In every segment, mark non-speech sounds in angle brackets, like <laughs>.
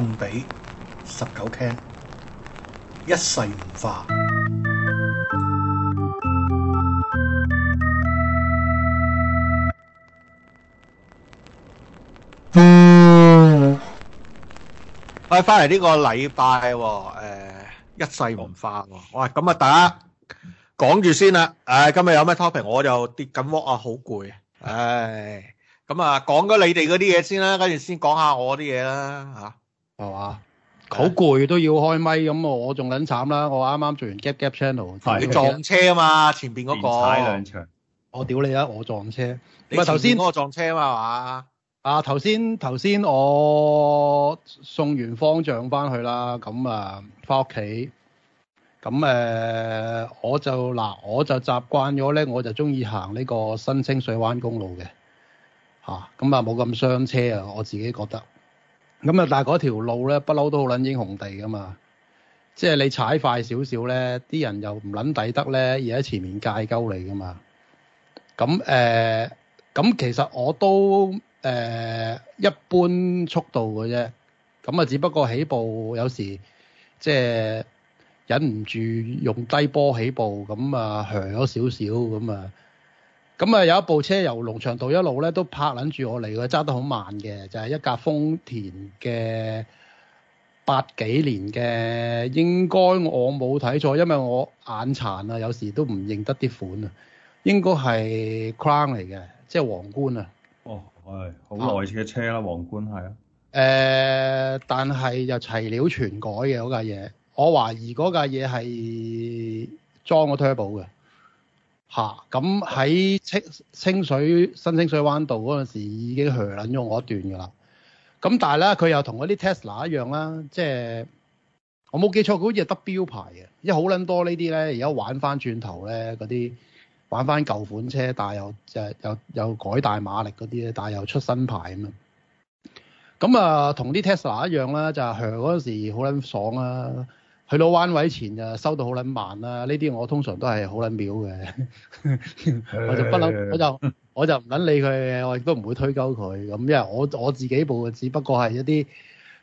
幸比、19 Ken，京一,一世唔化。哎，翻嚟呢個禮拜，誒、哎，一世唔化。哇、哎，咁啊，大家講住先啦。誒、哎，今日有咩 topic？我就跌緊窩啊，好攰。唉、哎，咁啊，講咗你哋嗰啲嘢先啦，跟住先講下我啲嘢啦，吓、哎。係嘛？好攰都要開咪，咁我我仲捻慘啦！我啱啱做完 gap gap channel，你撞車啊嘛？前邊嗰、嗰個踩兩場，我屌你啊！我撞車你係頭先我撞車嘛？係、啊、嘛？啊，頭先頭先我送完方丈翻去啦，咁啊翻屋企咁誒，我就嗱，我就習慣咗咧，我就中意行呢個新清水灣公路嘅吓咁啊冇咁傷車啊，我自己覺得。咁啊，但嗰條路咧，不嬲都好撚英雄地噶嘛，即係你踩快少少咧，啲人又唔撚抵得咧，而喺前面戒鳩你噶嘛。咁誒，咁、呃、其實我都誒、呃、一般速度嘅啫。咁啊，只不過起步有時即係忍唔住用低波起步，咁啊，強咗少少，咁啊。咁啊，有一部車由龍翔道一路咧，都拍撚住我嚟，佢揸得好慢嘅，就係、是、一架豐田嘅八幾年嘅，應該我冇睇錯，因為我眼殘啊，有時都唔認得啲款啊，應該係 Crown 嚟嘅，即係皇冠啊。哦，係好耐設嘅車啦、啊，皇冠係啊。誒、呃，但係就齊料全改嘅嗰架嘢，我懷疑嗰架嘢係裝個 turbo 嘅。吓、啊，咁喺清清水、新清水灣道嗰陣時已經響撚咗我一段嘅啦。咁但係咧，佢又同嗰啲 Tesla 一樣啦，即係我冇記錯，佢好似得標牌嘅，因為好撚多呢啲咧。而家玩翻轉頭咧，嗰啲玩翻舊款車，但係又誒又又改大馬力嗰啲咧，但係又出新牌咁樣。咁啊，同啲 Tesla 一樣啦，就係響嗰陣時好撚爽啊！去到彎位前就收到好撚慢啦，呢啲我通常都係好撚秒嘅，我就不嬲，我就我就唔撚理佢，我亦都唔會推究佢。咁因為我我自己部嘅，只不過係一啲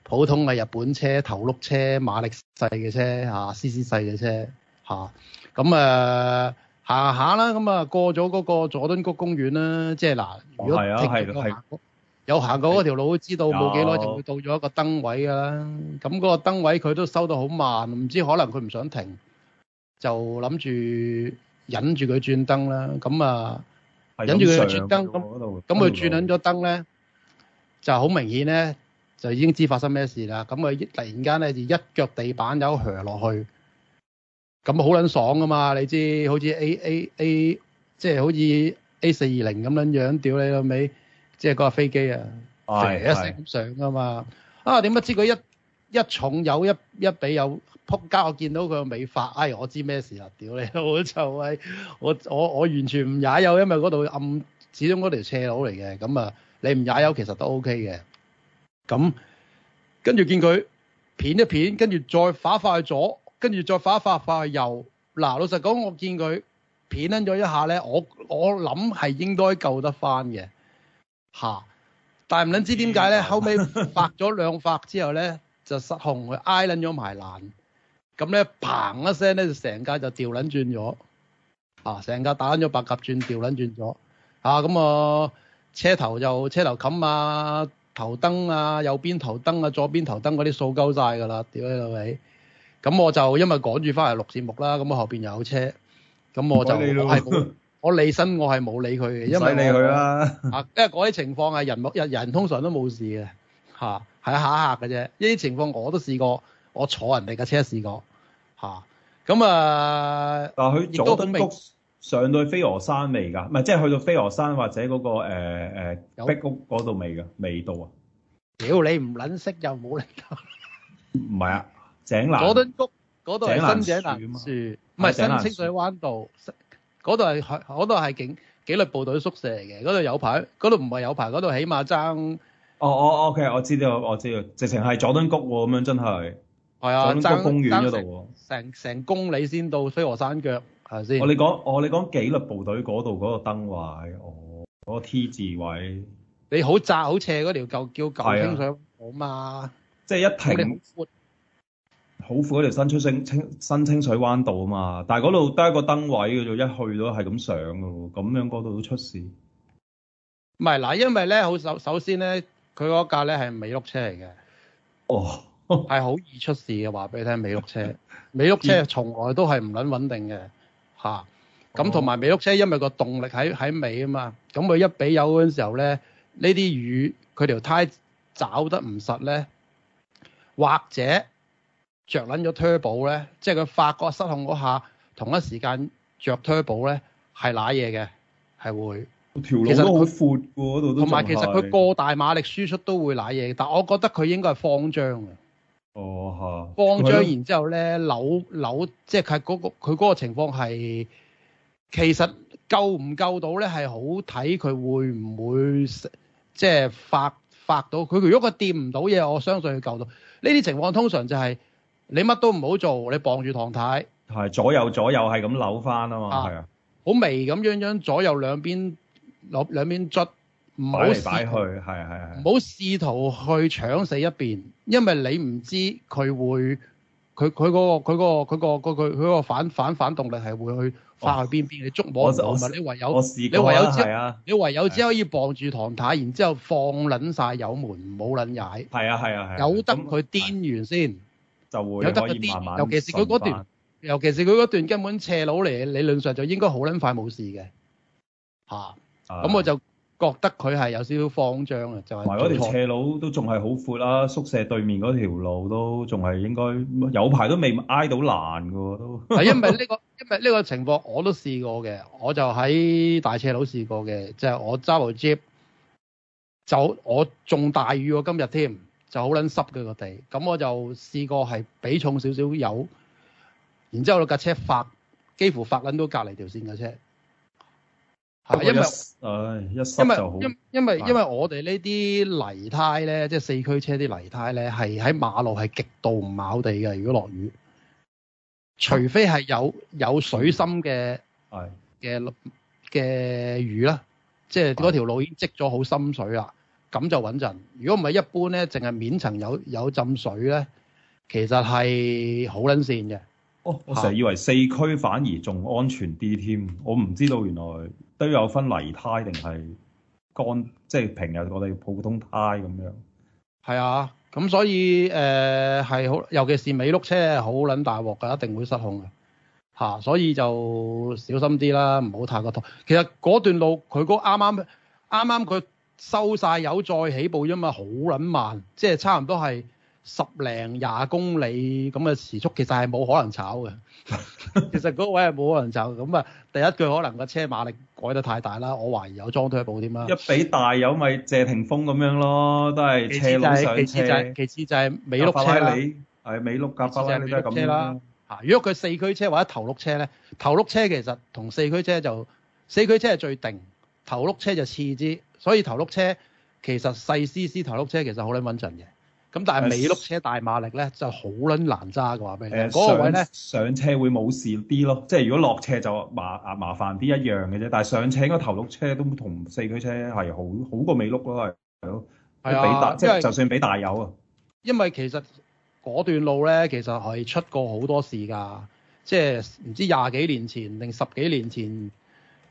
普通嘅日本車、頭碌車、馬力細嘅車嚇，CC 細嘅車嚇。咁、啊、誒，行下啦，咁啊行行、嗯、過咗嗰個佐敦谷公園啦，即係嗱、啊，如果停喺嗰有行過嗰條路都知道，冇幾耐就會到咗一個燈位㗎啦。咁嗰個燈位佢都收到好慢，唔知可能佢唔想停，就諗住忍住佢轉燈啦。咁啊，忍住佢轉燈，咁佢轉緊咗燈咧，就好明顯咧，就已經知發生咩事啦。咁佢突然間咧就一腳地板有靴落去，咁好撚爽㗎嘛？你知好似 A A A，即係好似 A 四二零咁樣樣，屌你老尾！即係嗰架飛機啊！哎、一成上㗎嘛、哎、啊！點不知佢一一重有，一一比有仆街。我見到佢個尾發，哎！我知咩事啦、啊！屌你老臭閪！我我我完全唔踩油，因為嗰度暗，始終嗰條斜路嚟嘅。咁、嗯、啊，你唔踩油其實都 O K 嘅。咁跟住見佢片一片，跟住再化去左，跟住再化化去右。嗱，老實講，我見佢片咗一下咧，我我諗係應該救得翻嘅。吓！但係唔捻知點解咧？後尾白咗兩發之後咧，就失控佢挨捻咗埋欄，咁咧砰一聲咧，就成架就掉捻轉咗啊！成架打捻咗八個轉掉捻轉咗啊！咁、嗯、我車頭就車頭冚啊，頭燈啊，右邊頭燈啊，左邊頭燈嗰啲數鳩晒㗎啦！屌你老味！咁、嗯、我就因為趕住翻嚟錄節目啦，咁、嗯、我後面又有車，咁、嗯、我就不我，身我理身，我係冇理佢嘅，因為我理佢啦。啊， <laughs> 因為嗰啲情況啊，人目人人通常都冇事嘅，係嚇，一嚇嘅，係下嚇嘅啫。呢啲情況我都試過，我坐人哋架車試過，嚇。咁啊，嗯、但佢佐敦上到去飛鵝山未㗎？唔係，即係去到飛鵝山或者嗰、嗰個誒誒、呃、碧谷嗰度未㗎？未到啊！屌你唔撚識又冇嚟到。唔係啊，井欄。佐敦谷嗰度係新井欄樹，唔、啊、係新清水灣道。啊嗰度係，嗰度係紀律部隊宿舍嚟嘅，嗰度有排，嗰度唔係有排，嗰度起碼爭。哦哦，OK，我知道，我知道，直情係佐敦谷喎，咁樣真係。係啊，佐敦谷公園嗰度。成成公里先到飛鵝山腳，係咪先？我你講，我你講、哦、紀律部隊嗰度嗰個燈壞，哦，嗰、嗰個 T 字位。你好窄好斜嗰條舊橋舊興水河嘛？即係一停。好闊嗰條新出清清新清水灣道啊嘛，但係嗰度得一個燈位嘅啫，一去到係咁上嘅喎，咁樣嗰度都出事。唔係嗱，因為咧好首首先咧，佢嗰架咧係尾轆車嚟嘅，哦，係好易出事嘅。話俾你聽，尾轆車，尾轆車從來都係唔撚穩定嘅嚇。咁同埋尾轆車，因為個動力喺喺尾啊嘛，咁佢一俾油嗰陣時候咧，呢啲雨佢條胎抓得唔實咧，或者。着捻咗 turbo 咧，即係佢發覺失控嗰下，同一時間着 turbo 咧，係瀨嘢嘅，係會條路佢闊度都同埋，其實佢過大馬力輸出都會瀨嘢，但我覺得佢應該係慌張嘅。哦，吓慌張，然之後咧扭扭，即係佢個佢個情況係其實救唔救到咧，係好睇佢會唔會即係發發到佢，如果佢掂唔到嘢，我相信佢救到呢啲情況，通常就係、是。你乜都唔好做，你傍住唐太，左右左右係咁扭翻啊嘛，啊，好、啊、微咁樣樣左右兩邊攞兩邊捽，唔好擺去，唔好試、啊啊啊試、啊啊啊、試圖去搶死一邊，因為你唔知佢會佢佢、嗰個佢、嗰個佢、嗰個佢個佢反反反動力係會去發去邊邊，哦、你捉摸唔埋，你唯有你唯有只可以傍住唐太，啊、然之後放撚晒油門，唔好撚踩，係啊係啊係，由、啊啊、得佢癲完先。有得嗰啲，尤其是佢段，尤其是佢段,段根本斜路嚟，嘅，理論上就應該好撚快冇事嘅，吓、啊，咁、啊、我就覺得佢係有少少慌張啊。就係埋嗰條斜路都仲係好闊啦，宿舍對面嗰條路都仲係應該有排都未挨到爛嘅都。係因為呢、這個 <laughs> 因為呢個情況我都試過嘅，我就喺大斜路試過嘅，就是、我揸部 Jeep 走，我仲大雨喎今日添。就好撚濕嘅個地，咁我就試過係俾重少少油，然之後架車發幾乎發撚到隔離條線嘅車，係因為，哎、一濕就好。因為因為因為因為因為我哋呢啲泥胎咧，即係四驅車啲泥胎咧，係喺馬路係極度唔咬地嘅。如果落雨，除非係有有水深嘅，係嘅嘅雨啦，即係嗰條路已經積咗好深水啦。咁就穩陣。如果唔係一般咧，淨係面層有有浸水咧，其實係好撚線嘅。哦，我成日以為四驅反而仲安全啲添。啊，我唔知道原來都有分泥胎定係乾，即係平日我哋普通胎咁樣。係啊，咁所以誒係好、呃，尤其是尾轆車好撚大鑊㗎，一定會失控嘅。啊，所以就小心啲啦，唔好太過頭。其實嗰段路佢嗰啱啱啱啱佢。收晒油再起步啫嘛，好撚慢，即係差唔多係十零廿公里咁嘅時速，其實係冇可能炒嘅。 <laughs> 其實嗰位係冇可能炒咁啊。第一句可能個車馬力改得太大啦，我懷疑有裝推步添啦。一比大油咪謝霆鋒咁樣咯，都係斜路上斜。其次就係、是、其次就係、是、尾碌車你係尾碌架法拉利，是車是車都係咁啦。嚇！如果佢四驅車或者頭碌車咧，頭碌車其實同四驅車就四驅車係最定，頭碌車就次之。所以頭碌車,車其實細 CC 頭碌車其實好撚穩陣嘅，咁但係尾碌車大馬力咧就好撚難揸嘅話俾你，嗰、嗰個位咧上車會冇事啲咯，即係如果落車就麻啊麻煩啲一,一樣嘅啫。但係上車嗰頭碌車都同四驅車係好好過尾碌咯，係係咯。係啊，即係就算俾大油啊，因為其實嗰段路咧其實係出過好多事㗎，即係唔知廿幾年前定十幾年前。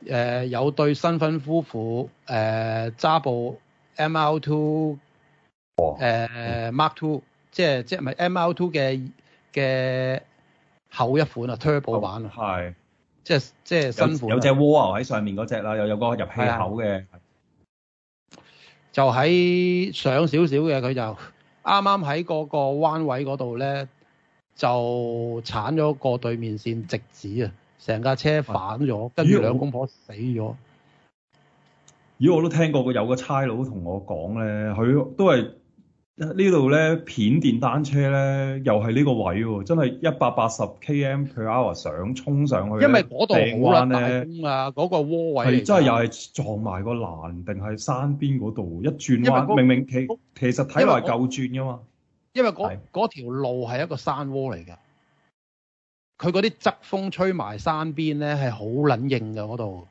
誒、呃、有對新婚夫婦誒揸、呃、部 M L Two 誒 Mark Two，即係即係唔係 M L Two 嘅嘅後一款啊，Turbo 版係、哦，即係即係新款有,有一隻蝸牛喺上面嗰隻啦，又有,有個入氣口嘅，就喺上少少嘅，佢就啱啱喺嗰個彎位嗰度咧就鏟咗個對面線直指啊！成架車反咗，跟住兩公婆死咗。咦、哎，果我、哎、我都聽過，個有個差佬同我講咧，佢都係呢度咧，片電單車咧，又係呢個位喎，真係一百八十 km 佢 per hour 想衝上去。因為嗰度好難咧，嗰、啊那個窩位係真係又係撞埋個欄，定係山邊嗰度一轉彎，明明其其實睇落係夠轉噶嘛。因為嗰條路係一個山窩嚟嘅。佢嗰啲側風吹埋山邊咧，係好撚硬噶嗰度，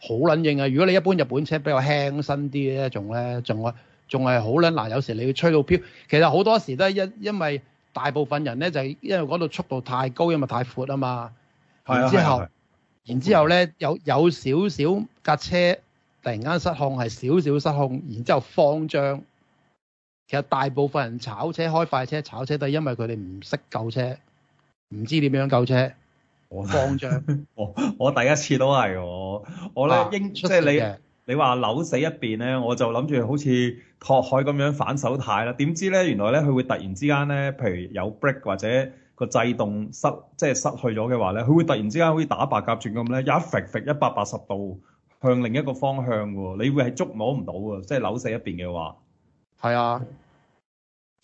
好撚硬啊！如果你一般日本車比較輕身啲咧，仲咧仲係仲係好撚嗱。有時你要吹到飄，其實好多時都係因為大部分人咧就係因為嗰度速度太高，因為太闊啊嘛。係，然之後，啊啊啊、然之後咧有有少少架車突然間失控，係少少失控，然之後慌張。其實大部分人炒車、開快車炒車都係因為佢哋唔識救車。唔知點樣救車，我慌張！我第一次都係我我咧應即係你你話扭死一邊咧，我就諗住好似拓海咁樣反手軚啦。點知咧，原來咧佢會突然之間咧，譬如有 break 或者個制動失即係、就是、失去咗嘅話咧，佢會突然之間好似打白鴿轉咁咧，一甩甩一百八十度向另一個方向，你會係捉摸唔到啊！即係扭死一邊嘅話，係啊。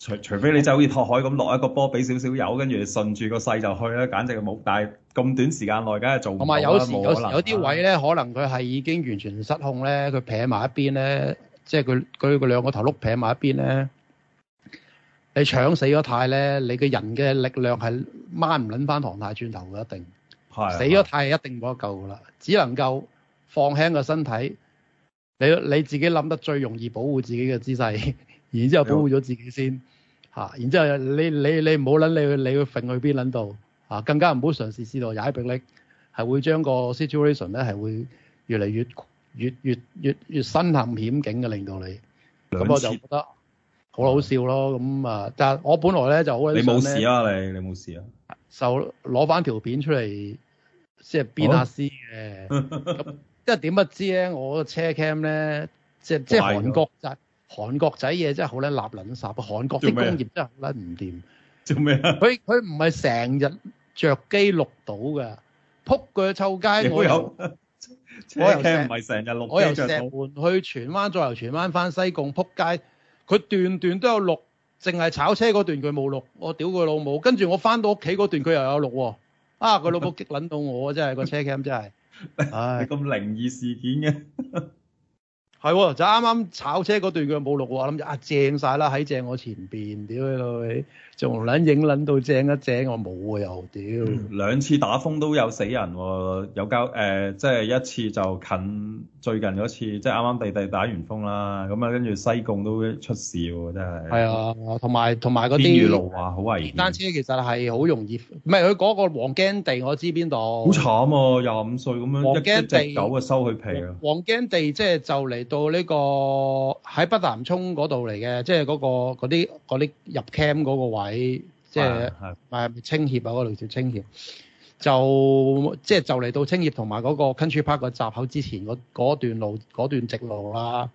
除除非你就好似拓海咁落一個波，俾少少油，跟住順住個勢就去啦，簡直冇帶。但咁短時間內做，梗係做唔到。有冇有啲位咧，可能佢係已經完全失控咧，佢劈埋一邊咧，即係佢佢個兩個頭碌劈埋一邊咧。你搶死咗太咧，你嘅人嘅力量係掹唔撚翻唐太轉頭嘅，一定。係。死咗太係，一定冇得救嘅啦，只能夠放輕個身體，你你自己諗得最容易保護自己嘅姿勢，然之後保護咗自己先。嚇！然之後你你你唔好諗你，你，你去你去去邊撚度啊？更加唔好嘗試試到踩迫力，係會將個 situation 咧係會越嚟越越越越越身陷險境嘅，令到你咁我就覺得好好笑咯。咁、嗯、啊、嗯，但係我本來咧就好呢，你冇事啊！你你冇事啊？就攞翻條片出嚟即係變下詩、哦、嘅。咁即係點不知咧？我車 cam 咧即係即係韓國韓國仔嘢真係好叻，立卵殺！韓國啲工業真係甩唔掂。做咩啊？佢佢唔係成日着機錄到嘅？撲佢臭街！我有。 <laughs> 我又唔係成日錄，我又石門去荃灣， <laughs> 再由荃灣翻西貢撲街。佢段段都有錄，淨係炒車嗰段佢冇錄。我屌佢老母！跟住我翻到屋企嗰段佢又有錄喎。 <laughs> 啊！佢老母激撚到我啊！真係個車 cam 真係。唉、 <laughs> 哎，咁靈異事件嘅。 <laughs> 係喎、啊，就啱啱炒車嗰段嘅冇錄喎，我諗啊正晒啦，喺正我前邊，屌你老味！仲撚影撚到正一正，我冇啊又屌、嗯！兩次打風都有死人喎、哦，有交誒、呃，即係一次就近最近嗰次，即係啱啱地地打完風啦，咁啊跟住西貢都出事喎，真係。係啊，同埋同埋嗰啲。天雨路滑好危險。單車其實係好容易，唔係佢嗰個黃京地，我知邊度。好慘啊！廿五歲咁樣驚，一隻，隻狗啊收佢皮啊。黃京地即係就嚟到呢、這個喺北潭涌嗰度嚟嘅，即係嗰、那個嗰啲嗰啲入 camp 嗰、那個位。位即係係誒，清協啊，度叫清協就即係就嚟到清協同埋個 Country Park 個閘口之前嗰段路段直路啦。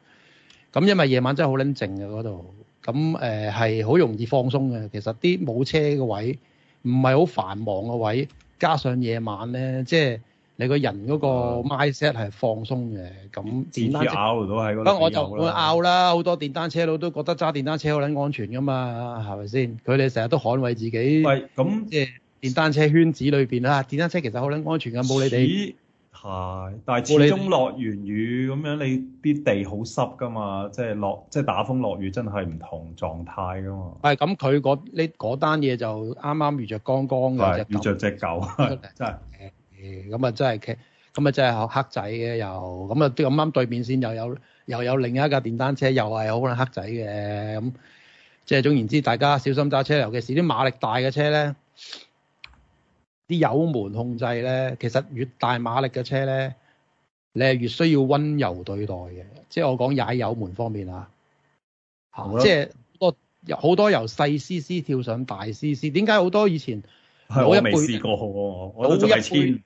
咁因為夜晚真係好撚靜嘅度，咁誒，係好容易放鬆嘅。其實啲冇車嘅位唔係好繁忙嘅位，加上夜晚咧，即係。你個人嗰個 mindset 係放鬆嘅，咁電單車拗到喺嗰度，不過我就唔會拗啦。好多電單車佬都覺得揸電單車好撚安全噶嘛，係咪先？佢哋成日都捍衛自己。喂，咁即係電單車圈子裏面啦，啊，電單車其實好撚安全噶，冇你哋。止下，但係始終落完雨咁樣，你啲地好濕噶嘛，即係落即係打風落雨，真係唔同狀態噶嘛。係咁，佢嗰呢嗰單嘢就啱啱遇着剛剛遇着隻狗真係咁、嗯、啊，真係咁，啊，真係黑仔嘅又。咁啊，啲咁啱對面線又有又有另一架電單車，又係好可能黑仔嘅。咁即係總言之，大家小心揸車，尤其是啲馬力大嘅車咧，啲油門控制咧，其實越大馬力嘅車咧，你係越需要溫柔對待嘅，即、就、係、是、我講踩油門方面啊，即、就、係、是、多好多由細 C C 跳上大 C C，點解好多以前我未、哎、試過喎、啊，我都係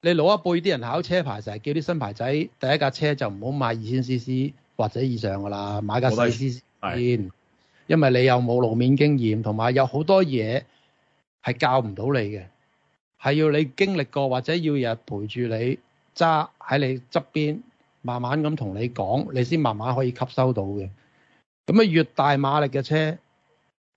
你老一輩啲人考車牌，成日叫啲新牌仔第一架車就唔好買二千 c c 或者以上噶啦，買架細 c c 先，因為你又冇路面經驗，同埋有好多嘢係教唔到你嘅，係要你經歷過或者要日日陪住你揸喺你側邊，慢慢咁同你講，你先慢慢可以吸收到嘅。咁啊，越大馬力嘅車。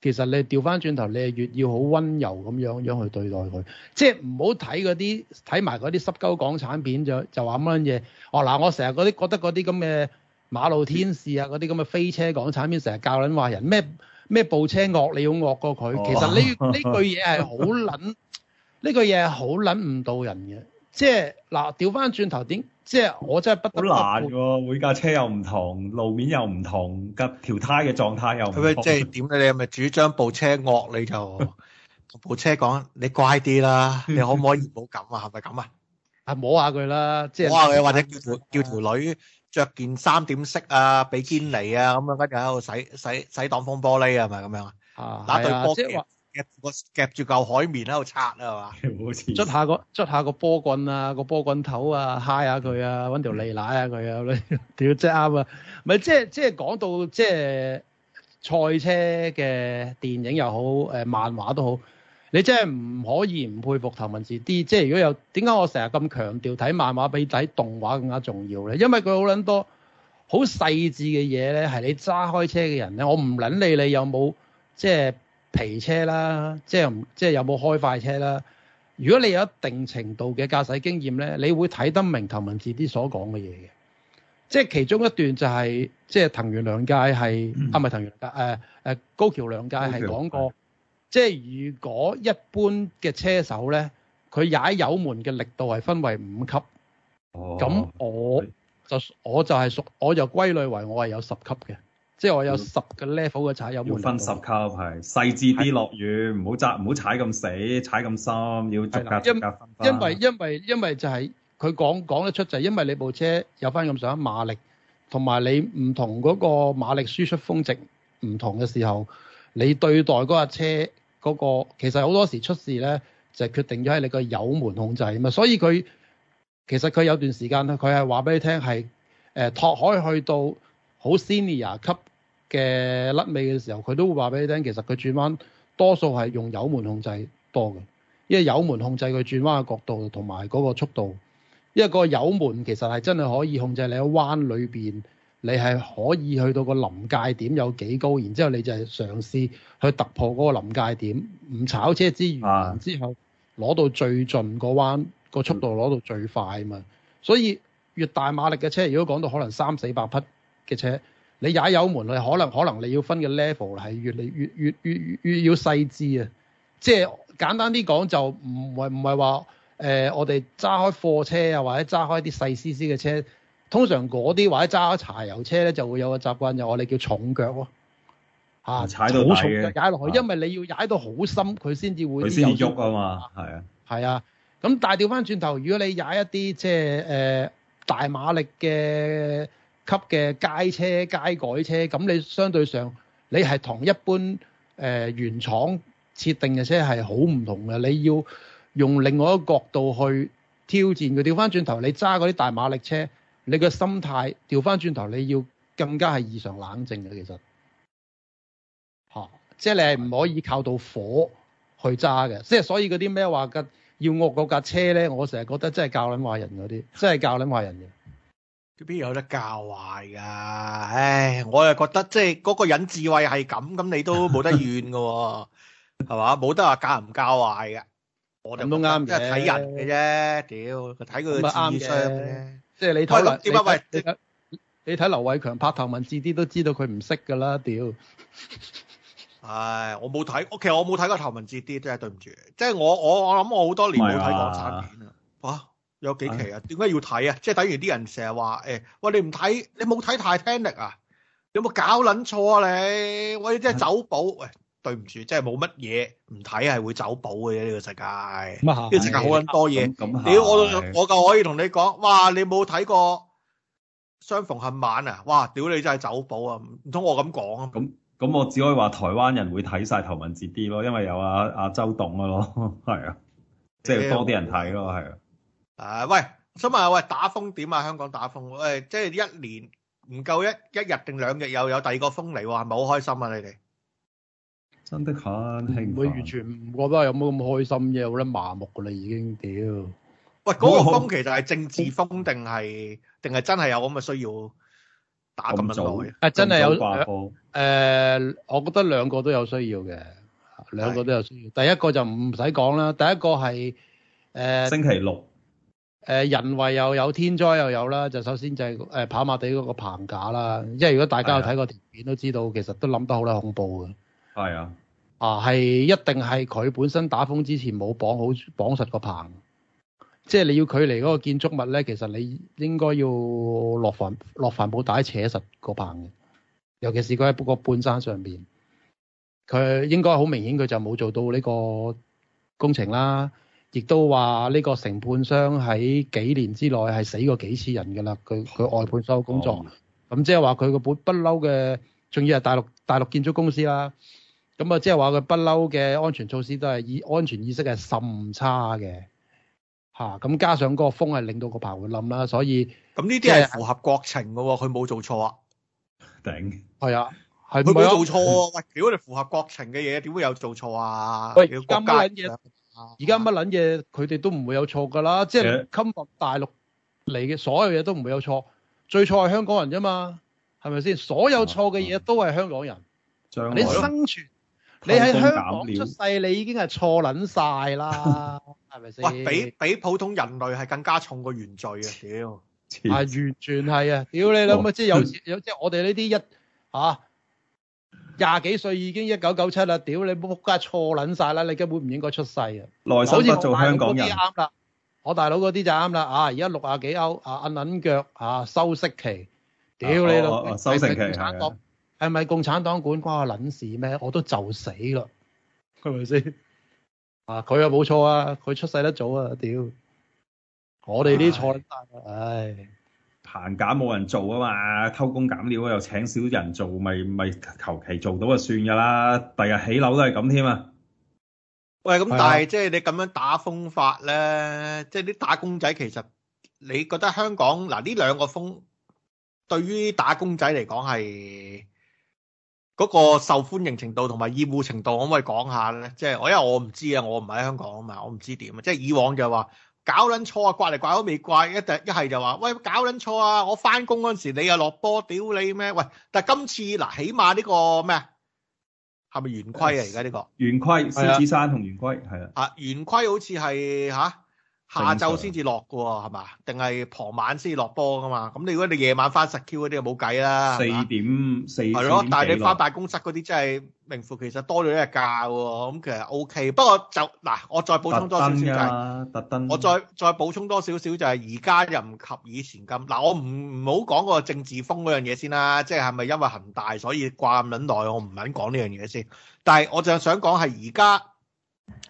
其實你調翻轉頭，你越要好温柔咁樣樣去對待佢，即係唔好睇嗰啲睇埋嗰啲濕鳩港產片就就話乜嘢？哦嗱，我成日嗰啲覺得嗰啲咁嘅馬路天使啊，嗰啲咁嘅飛車港產片成日教撚話人咩咩部車惡你，要惡過佢。其實呢呢句嘢係好撚呢句嘢係好撚誤導人嘅。即係嗱，調返轉頭點？即係我真係不得好難喎，每架車又唔同，路面又唔同，架條胎嘅狀態又唔同。 <laughs> 即係點咧，你係咪主張部車惡你就同 <laughs> 部車講你乖啲啦？你可唔可以唔好咁啊？係咪咁啊？啊，摸下佢啦，即係摸下佢，或者叫、啊、叫條女着件三點式啊，比堅尼啊，咁樣跟住喺度洗洗洗擋風玻璃係咪咁樣啊？啊夾住嚿海綿喺度擦啊，係嘛？捽下個捽下個波棍啊，個波棍頭啊，嗨下佢啊，搵條脷舐下佢啊，屌、嗯、 <laughs> 真啱啊！咪即係即係講到即係賽車嘅電影又好，誒漫畫都好，你真係唔可以唔佩服頭文字 D。即係如果有點解我成日咁強調睇漫畫比睇動畫更加重要咧？因為佢好捻多好細緻嘅嘢咧，係你揸開車嘅人咧，我唔捻理你有冇即係。皮車啦，即係即係有冇開快車啦？如果你有一定程度嘅駕駛經驗咧，你會睇得明頭文字啲所講嘅嘢嘅。即係其中一段就係、是，即係藤原涼介係啊，唔、嗯、係藤原涼介、啊，高橋涼介係講過，是即係如果一般嘅車手咧，佢踩油門嘅力度係分為五級，咁、哦、我就我就係、是、屬我，就是、我就歸類為我係有十級嘅。即係我有十個 level 嘅踩油門，要分十級係細緻啲落雨，唔好扎，唔好踩咁死，踩咁深，要逐格，逐格，逐格分，分，因為因為因為就係佢講講得出，就係因為你部車有翻咁上下馬力，同埋你唔同嗰個馬力輸出峰值唔同嘅時候，你對待嗰架車嗰、嗰個其實好多時出事咧，就係決定咗喺你個油門控制啊嘛。所以佢其實佢有段時間咧，佢係話俾你聽係誒拓海去到好 senior 級嘅甩尾嘅時候，佢都會話俾你聽，其實佢轉彎多數係用油門控制多嘅，因為油門控制佢轉彎嘅角度同埋嗰個速度，因為個油門其實係真係可以控制你喺彎裏邊，你係可以去到個臨界點有幾高，然之後你就係嘗試去突破嗰個臨界點，唔炒車之餘，然之後攞到最盡個彎個速度攞到最快啊嘛，所以越大馬力嘅車，如果講到可能三四百匹嘅車。你踩油門係可能可能你要分嘅 level 係越嚟越越越越要細緻啊！即係簡單啲講就唔唔係話誒，我哋揸開貨車啊，或者揸開啲細 cc 嘅車，通常嗰啲或者揸開柴油車咧，就會有個習慣就我哋叫重腳喎，嚇、啊、踩到好重嘅，踩落去，因為你要踩到好深，佢先至會佢先喐啊嘛，係啊，啊，咁但係調翻轉頭，如果你踩一啲即係誒大馬力嘅。級嘅街車、街改車，咁你相對上你係同一般誒、呃、原廠設定嘅車係好唔同嘅。你要用另外一個角度去挑戰佢。調翻轉頭，你揸嗰啲大馬力車，你嘅心態調翻轉頭，你要更加係異常冷靜嘅。其實，啊、即係你係唔可以靠到火去揸嘅。即係所以嗰啲咩話嘅要惡嗰架車咧，我成日覺得真係教捻壞人嗰啲，真係教捻壞人嘅。邊有得教壞噶？唉，我又覺得即係嗰個人智慧係咁，咁你都冇得怨噶喎，係 <laughs> 嘛？冇得話教唔教壞嘅，我就都啱嘅，即係睇人嘅啫。屌，睇佢智商嘅啫。即係你睇劉，點啊？喂，你睇劉偉強拍頭文字 D 都知道佢唔識噶啦。屌 <laughs> 唉，我冇睇，我其實我冇睇過頭文字 D，真係對唔住。即係我我我諗我好多年冇睇過國產片啦。啊？有幾期啊？點解要睇啊？即係等於啲人成日話誒，喂你唔睇，你冇睇 Titanic 啊？你有冇搞撚錯啊你？喂，即係走寶，喂，對唔住，即係冇乜嘢，唔睇係會走寶嘅呢個世界。咁啊，呢個世界好撚多嘢。屌我我就可以同你講，哇！你冇睇過相逢恨晚啊？哇！屌你真係走寶啊！唔通我咁講啊？咁咁我只可以話台灣人會睇晒頭文字啲咯，因為有阿阿周董嘅咯，係啊，即係多啲人睇咯，係啊。啊喂，想問下喂，打風點啊？香港打風，誒，即係一年唔夠一一日定兩日又有第二個風嚟喎，係咪好開心啊？你哋真的很係，會完全唔覺得有冇咁開心嘅，覺得麻木噶啦，已經屌。喂，嗰個風其實係政治風定係定係真係有咁嘅需要打咁耐啊？真係有誒，我覺得兩個都有需要嘅，兩個都有需要。第一個就唔使講啦，第一個係誒星期六。誒，人為又有天災又有啦，就首先就係、是、誒、呃、跑馬地嗰個棚架啦，因為如果大家有睇過條片都知道，啊、其實都諗得好鬼恐怖嘅。係啊，啊，啊係一定係佢本身打風之前冇綁好綁實個棚，即係你要距離嗰個建築物咧，其實你應該要落帆落帆布帶扯實個棚嘅，尤其是佢喺個半山上邊，佢應該好明顯佢就冇做到呢個工程啦。亦都話呢個承判商喺幾年之內係死過幾次人㗎啦，佢佢外判所有工作，咁、哦嗯、即係話佢個本不嬲嘅，仲要係大陸大陸建築公司啦，咁、嗯、啊即係話佢不嬲嘅安全措施都係以安全意識係甚差嘅，吓、啊、咁、嗯、加上個個風係令到個棚會冧啦，所以咁呢啲係符合國情㗎喎，佢、就、冇、是、做錯啊，頂係啊，係佢冇做錯喎，喂，如果你符合國情嘅嘢點會有做錯啊？咁撚嘢？而家乜撚嘢，佢哋都唔會有錯㗎啦，即係侵犯大陸嚟嘅所有嘢都唔會有錯，最錯係香港人啫嘛，係咪先？所有錯嘅嘢都係香港人，你生存，統統你喺香港出世，你已經係錯撚晒啦，係咪先？喂， <laughs> 比比普通人類係更加重過原罪啊！屌，啊，完全係、哦哦、啊！屌你諗啊，即係有有即係我哋呢啲一嚇。廿幾歲已經一九九七啦，屌你仆街錯撚晒啦！你根本唔應該出世啊！內地好似做香港人啱啦，我大佬嗰啲就啱啦啊！而家六廿幾歐啊，阿撚腳啊，收息期，屌你老！收息期，係咪共產黨係咪共產黨管關我撚、啊、事咩？我都就死啦，係咪先？啊，佢又冇錯啊，佢出世得早啊，屌！我哋啲錯曬，唉。唉。行假冇人做啊嘛，偷工減料又請少人做，咪咪求其做到就算㗎啦，第日起樓都係咁添啊。喂，咁但係、哎、即係你咁樣打風法咧，即係啲打工仔其實，你覺得香港嗱呢、啊、兩個風對於打工仔嚟講係嗰個受歡迎程度同埋厭惡程度，可唔可以講下咧？即係我因為我唔知啊，我唔喺香港啊嘛，我唔知點啊。即係以往就話。搞捻錯啊！掛嚟掛都未掛一第一係就話喂搞捻錯啊！我翻工嗰陣時你又落波，屌你咩？喂！但係今次嗱，起碼呢個咩啊？係咪圓規啊？而家呢個圓規，獅子山同圓規係啊。啊，圓規好似係吓。下晝先至落嘅喎，係嘛，啊？定係傍晚先至落波㗎嘛？咁你如果你夜晚翻十 Q 嗰啲冇計啦。四點四點係咯，但係你翻辦公室嗰啲真係名副其實多咗一日假喎。咁其實 O、OK、K，不過就嗱，我再補充多少少，就係。就係特登、啊啊。我再再補充多少少，就係而家又唔及以前咁。嗱，我唔唔好講個政治風嗰樣嘢先啦，即係係咪因為恒大所以掛咁撚耐？我唔肯講呢樣嘢先。但係我就想講係而家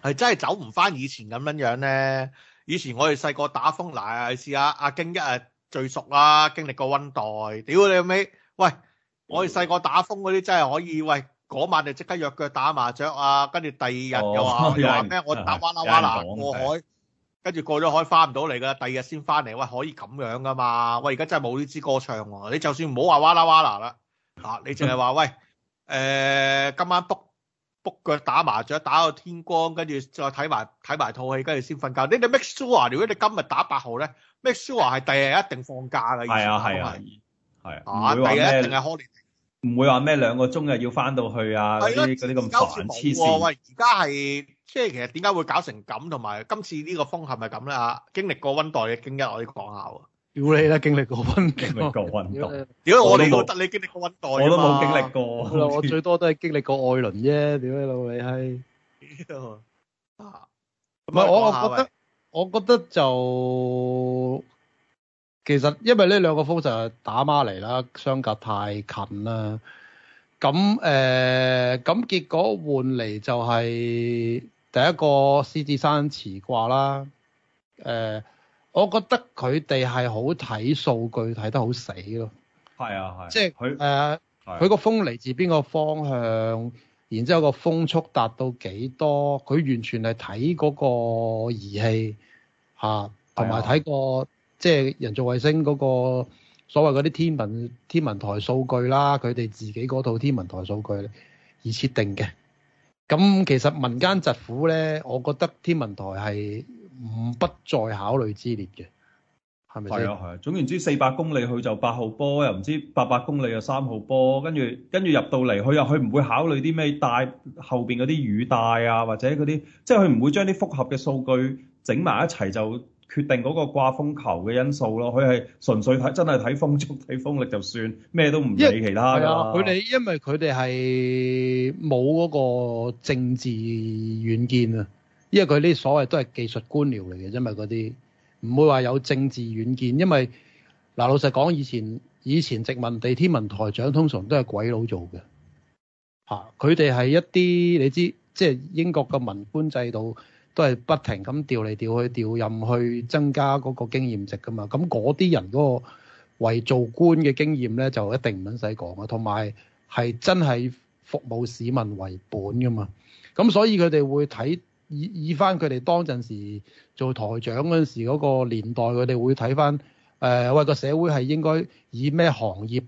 係真係走唔翻以前咁樣樣咧。以前我哋細個打風，嗱，試下阿京一最熟啦，經歷過溫黛，屌你尾，喂，我哋細個打風嗰啲真係可以，喂，嗰晚就即刻約腳打麻雀啊，跟住第二日又話又話咩，我打哇啦哇啦過海，跟住過咗海翻唔到嚟啦，第二日先翻嚟，喂，可以咁樣噶嘛，喂，而家真係冇呢支歌唱喎，你就算唔好話哇啦哇啦啦，吓，你淨係話喂，誒，今晚督。卜腳打麻雀，打到天光，跟住再睇埋睇埋套戲，跟住先瞓覺。你哋 make sure，如果你今日打八號咧，make sure 係第日一定放假嘅。係啊係啊，係唔、啊啊啊啊、會話咩？唔會話咩？兩個鐘又要翻到去啊？嗰啲嗰啲咁煩黐線喂，而家係即係其實點解會搞成咁？同埋今次呢個風係咪咁咧？啊，經歷過溫黛嘅經歷，我哋講下喎屌你啦！經歷過溫經歷過溫黛，點解我哋冇得你經歷過溫黛？我都冇經歷過，我經歷過。我最多都係經歷過愛倫啫。屌你老味閪？啊， <laughs> 唔係我覺得，我覺得就其實，因為呢兩個風就打孖嚟啦，相隔太近啦。咁誒，咁、呃、結果換嚟就係、是、第一個獅子山辭掛啦。誒、呃。我覺得佢哋係好睇數據睇得好死咯，係啊係，即係佢誒佢個風嚟自邊個方向，然之後個風速達到幾多，佢完全係睇嗰個儀器嚇，同埋睇個即係人造衛星嗰個所謂嗰啲天文天文台數據啦，佢哋自己嗰套天文台數據而設定嘅。咁其實民間疾苦咧，我覺得天文台係。唔不再考慮之列嘅，係咪先？係啊，係啊。總言之，四百公里佢就八號波，又唔知八百公里就三號波，跟住跟住入到嚟，佢又佢唔會考慮啲咩帶後邊嗰啲雨帶啊，或者嗰啲，即係佢唔會將啲複合嘅數據整埋一齊就決定嗰個掛風球嘅因素咯。佢係純粹睇真係睇風速、睇風力就算，咩都唔理其他㗎。佢哋因為佢哋係冇嗰個政治遠見啊。因為佢啲所謂都係技術官僚嚟嘅，因為嗰啲唔會話有政治遠見。因為嗱，老實講，以前以前殖民地天文台長通常都係鬼佬做嘅嚇。佢哋係一啲你知，即係英國嘅文官制度都係不停咁調嚟調去，調任去增加嗰個經驗值噶嘛。咁嗰啲人嗰個為做官嘅經驗咧，就一定唔使講啊。同埋係真係服務市民為本噶嘛。咁所以佢哋會睇。以返翻佢哋當陣時做台長嗰陣時嗰個年代，佢哋會睇翻誒，喂，個社會係應該以咩行業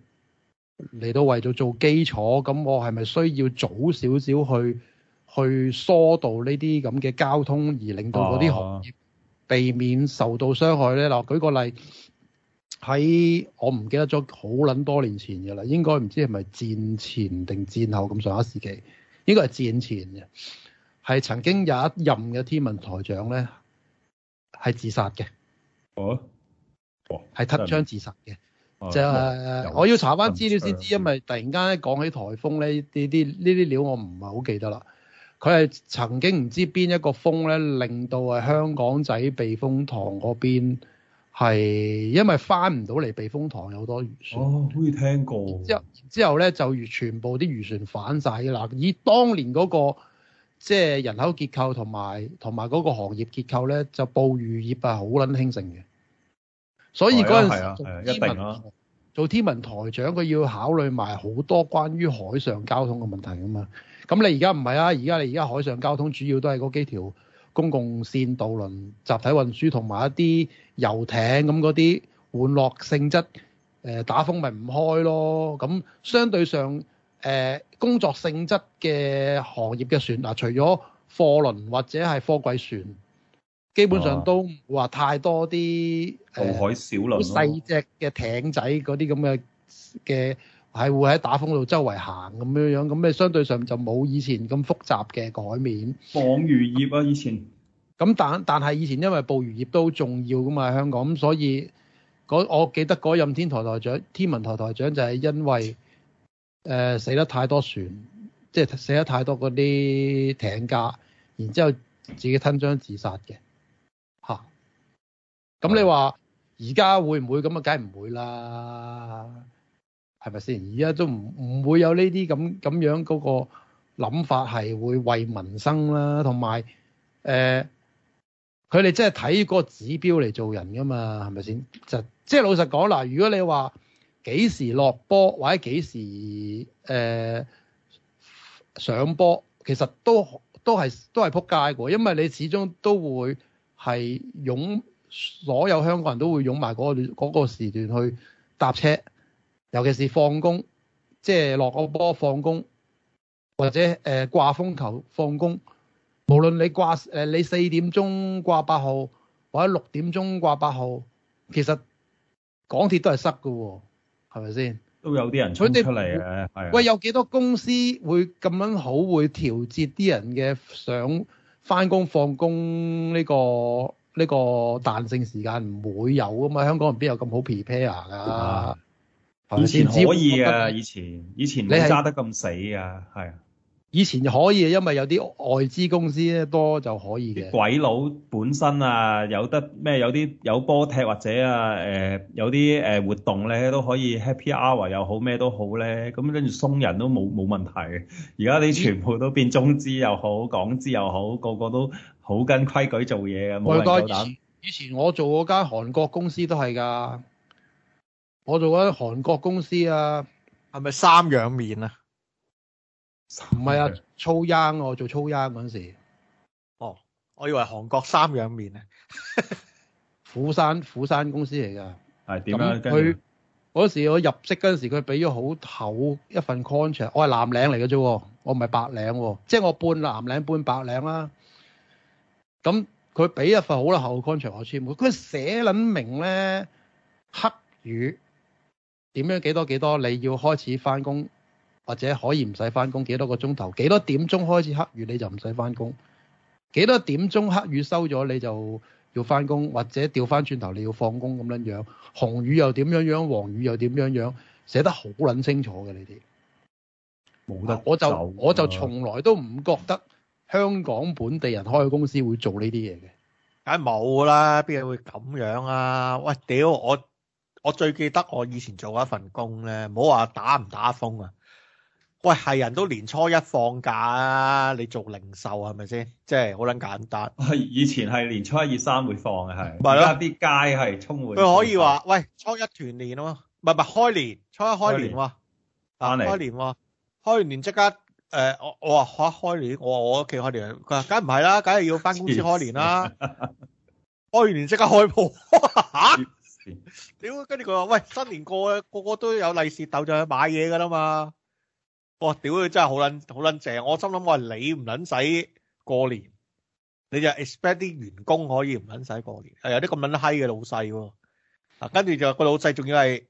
嚟到為咗做基礎？咁我係咪需要早少少去去疏導呢啲咁嘅交通，而令到嗰啲行業避免受到傷害呢？嗱、啊，舉個例，喺我唔記得咗好撚多年前嘅啦，應該唔知係咪戰前定戰後咁上一時期，應該係戰前嘅。係曾經有一任嘅天文台長咧，係自殺嘅。哦，係吞槍自殺嘅，即、哦、係、就係呃、我要查翻資料先知道、嗯嗯嗯嗯，因為突然間一講起颱風咧，呢啲呢啲料我唔係好記得啦。佢係曾經唔知邊一個風咧，令到係香港仔避風塘嗰邊係因為翻唔到嚟避風塘有多漁船，有好多漁船哦，好似聽過。之後之後咧，就全部啲漁船返曬啦。以當年嗰、那個。即係人口結構同埋同埋嗰個行業結構咧，就捕魚業啊，好撚興盛嘅。所以嗰陣時做天、啊啊啊啊、做天文台長，佢要考慮埋好多關於海上交通嘅問題㗎嘛。咁你而家唔係啊，而家你而家海上交通主要都係嗰幾條公共線渡輪、集體運輸同埋一啲遊艇咁嗰啲玩樂性質。誒、呃、打風咪唔開咯，咁相對上。誒、呃、工作性質嘅行業嘅船嗱、啊，除咗貨輪或者係貨櫃船，基本上都話太多啲。啊呃、海小輪細隻嘅艇仔嗰啲咁嘅嘅，係會喺打風度周圍行咁樣樣，咁你相對上就冇以前咁複雜嘅海面。網魚業啊，以前咁但但係以前因為捕魚業都好重要㗎嘛，香港咁所以我記得嗰任天台台長，天文台台長就係因為。誒、呃、死得太多船，即係死得太多嗰啲艇架，然之後自己吞槍自殺嘅吓。咁你話而家會唔會咁啊？梗係唔會啦，係咪先？而家都唔唔會有呢啲咁咁樣嗰、嗰個諗法，係會為民生啦，同埋誒佢哋即係睇個個指標嚟做人噶嘛，係咪先？就即係老實講嗱，如果你話。幾時落波或者幾時誒上波，其實都都係都係撲街嘅，因為你始終都會係擁所有香港人都會擁埋嗰個時段去搭車，尤其是放工，即係落個波放工，或者誒掛風球放工，無論你掛誒你四點鐘掛八號或者六點鐘掛八號，其實港鐵都係塞嘅喎。係咪先？都有啲人出出嚟嘅，係，喂，有幾多公司會咁樣好會調節啲人嘅想返工放工呢個呢、呢個彈性時間？唔會有噶嘛？香港人邊有咁好 prepare 㗎、嗯？以前可以啊，以前以前你揸得咁死啊，係。以前可以，因為有啲外資公司咧多就可以嘅。鬼佬本身啊，有得咩？有啲有波踢或者啊、呃，有啲、呃、活動咧都可以 Happy Hour 又好咩都好咧。咁跟住鬆人都冇冇問題嘅。而家啲全部都變中資又好，港資又好，個個都好跟規矩做嘢嘅。咁好多人以前我做嗰間韓國公司都係㗎，我做嗰間韓國公司啊，係咪三樣面啊？唔係啊，粗腌我做粗腌嗰時候，哦，我以為是韓國三樣麵啊， <laughs> 釜山釜山公司嚟噶，係點樣佢嗰時候我入職嗰時候，佢俾咗好厚一份 contract，我係藍領嚟嘅啫，我唔係白領，即係我半藍領半白領啦。咁佢俾一份好厚 contract 我簽，佢寫撚明咧黑語，點樣幾多幾多，你要開始返工。或者可以唔使翻工，幾多個鐘頭，幾多點鐘開始黑雨，你就唔使翻工，幾多點鐘黑雨收咗，你就要翻工，或者調翻轉頭你要放工咁樣樣，紅雨又點樣樣，黃雨又點樣樣，寫得好捻清楚嘅呢啲，冇得我，我就我就從來都唔覺得香港本地人開嘅公司會做呢啲嘢嘅，梗係冇啦，邊會咁樣啊？喂，屌我我最記得我以前做過一份工咧，唔好話打唔打風啊！喂，係人都年初一放假啊！你做零售係咪先？即係好捻簡單。以前係年初一、二、三會放嘅，係而家啲街係充滿。佢可以話，喂，初一團年啊？嘛，唔係唔係開年，初一開年喎。翻嚟。開年，開，年啊、開完年即刻，誒、呃，我我話開、啊、開年，我我屋企、啊、開年，佢話梗唔係啦，梗係要翻公司開年啦。 <laughs> 開完年即刻開鋪。吓、 <laughs> 啊！屌，跟住佢話，喂，新年過咧，個個都有利是豆，就去買嘢噶啦嘛。我屌佢真係好捻好捻正，我心諗，我係，你唔捻使過年，你就 expect 啲員工可以唔捻使過年，係有啲咁捻閪嘅老細喎、啊，啊跟住就個老細仲要係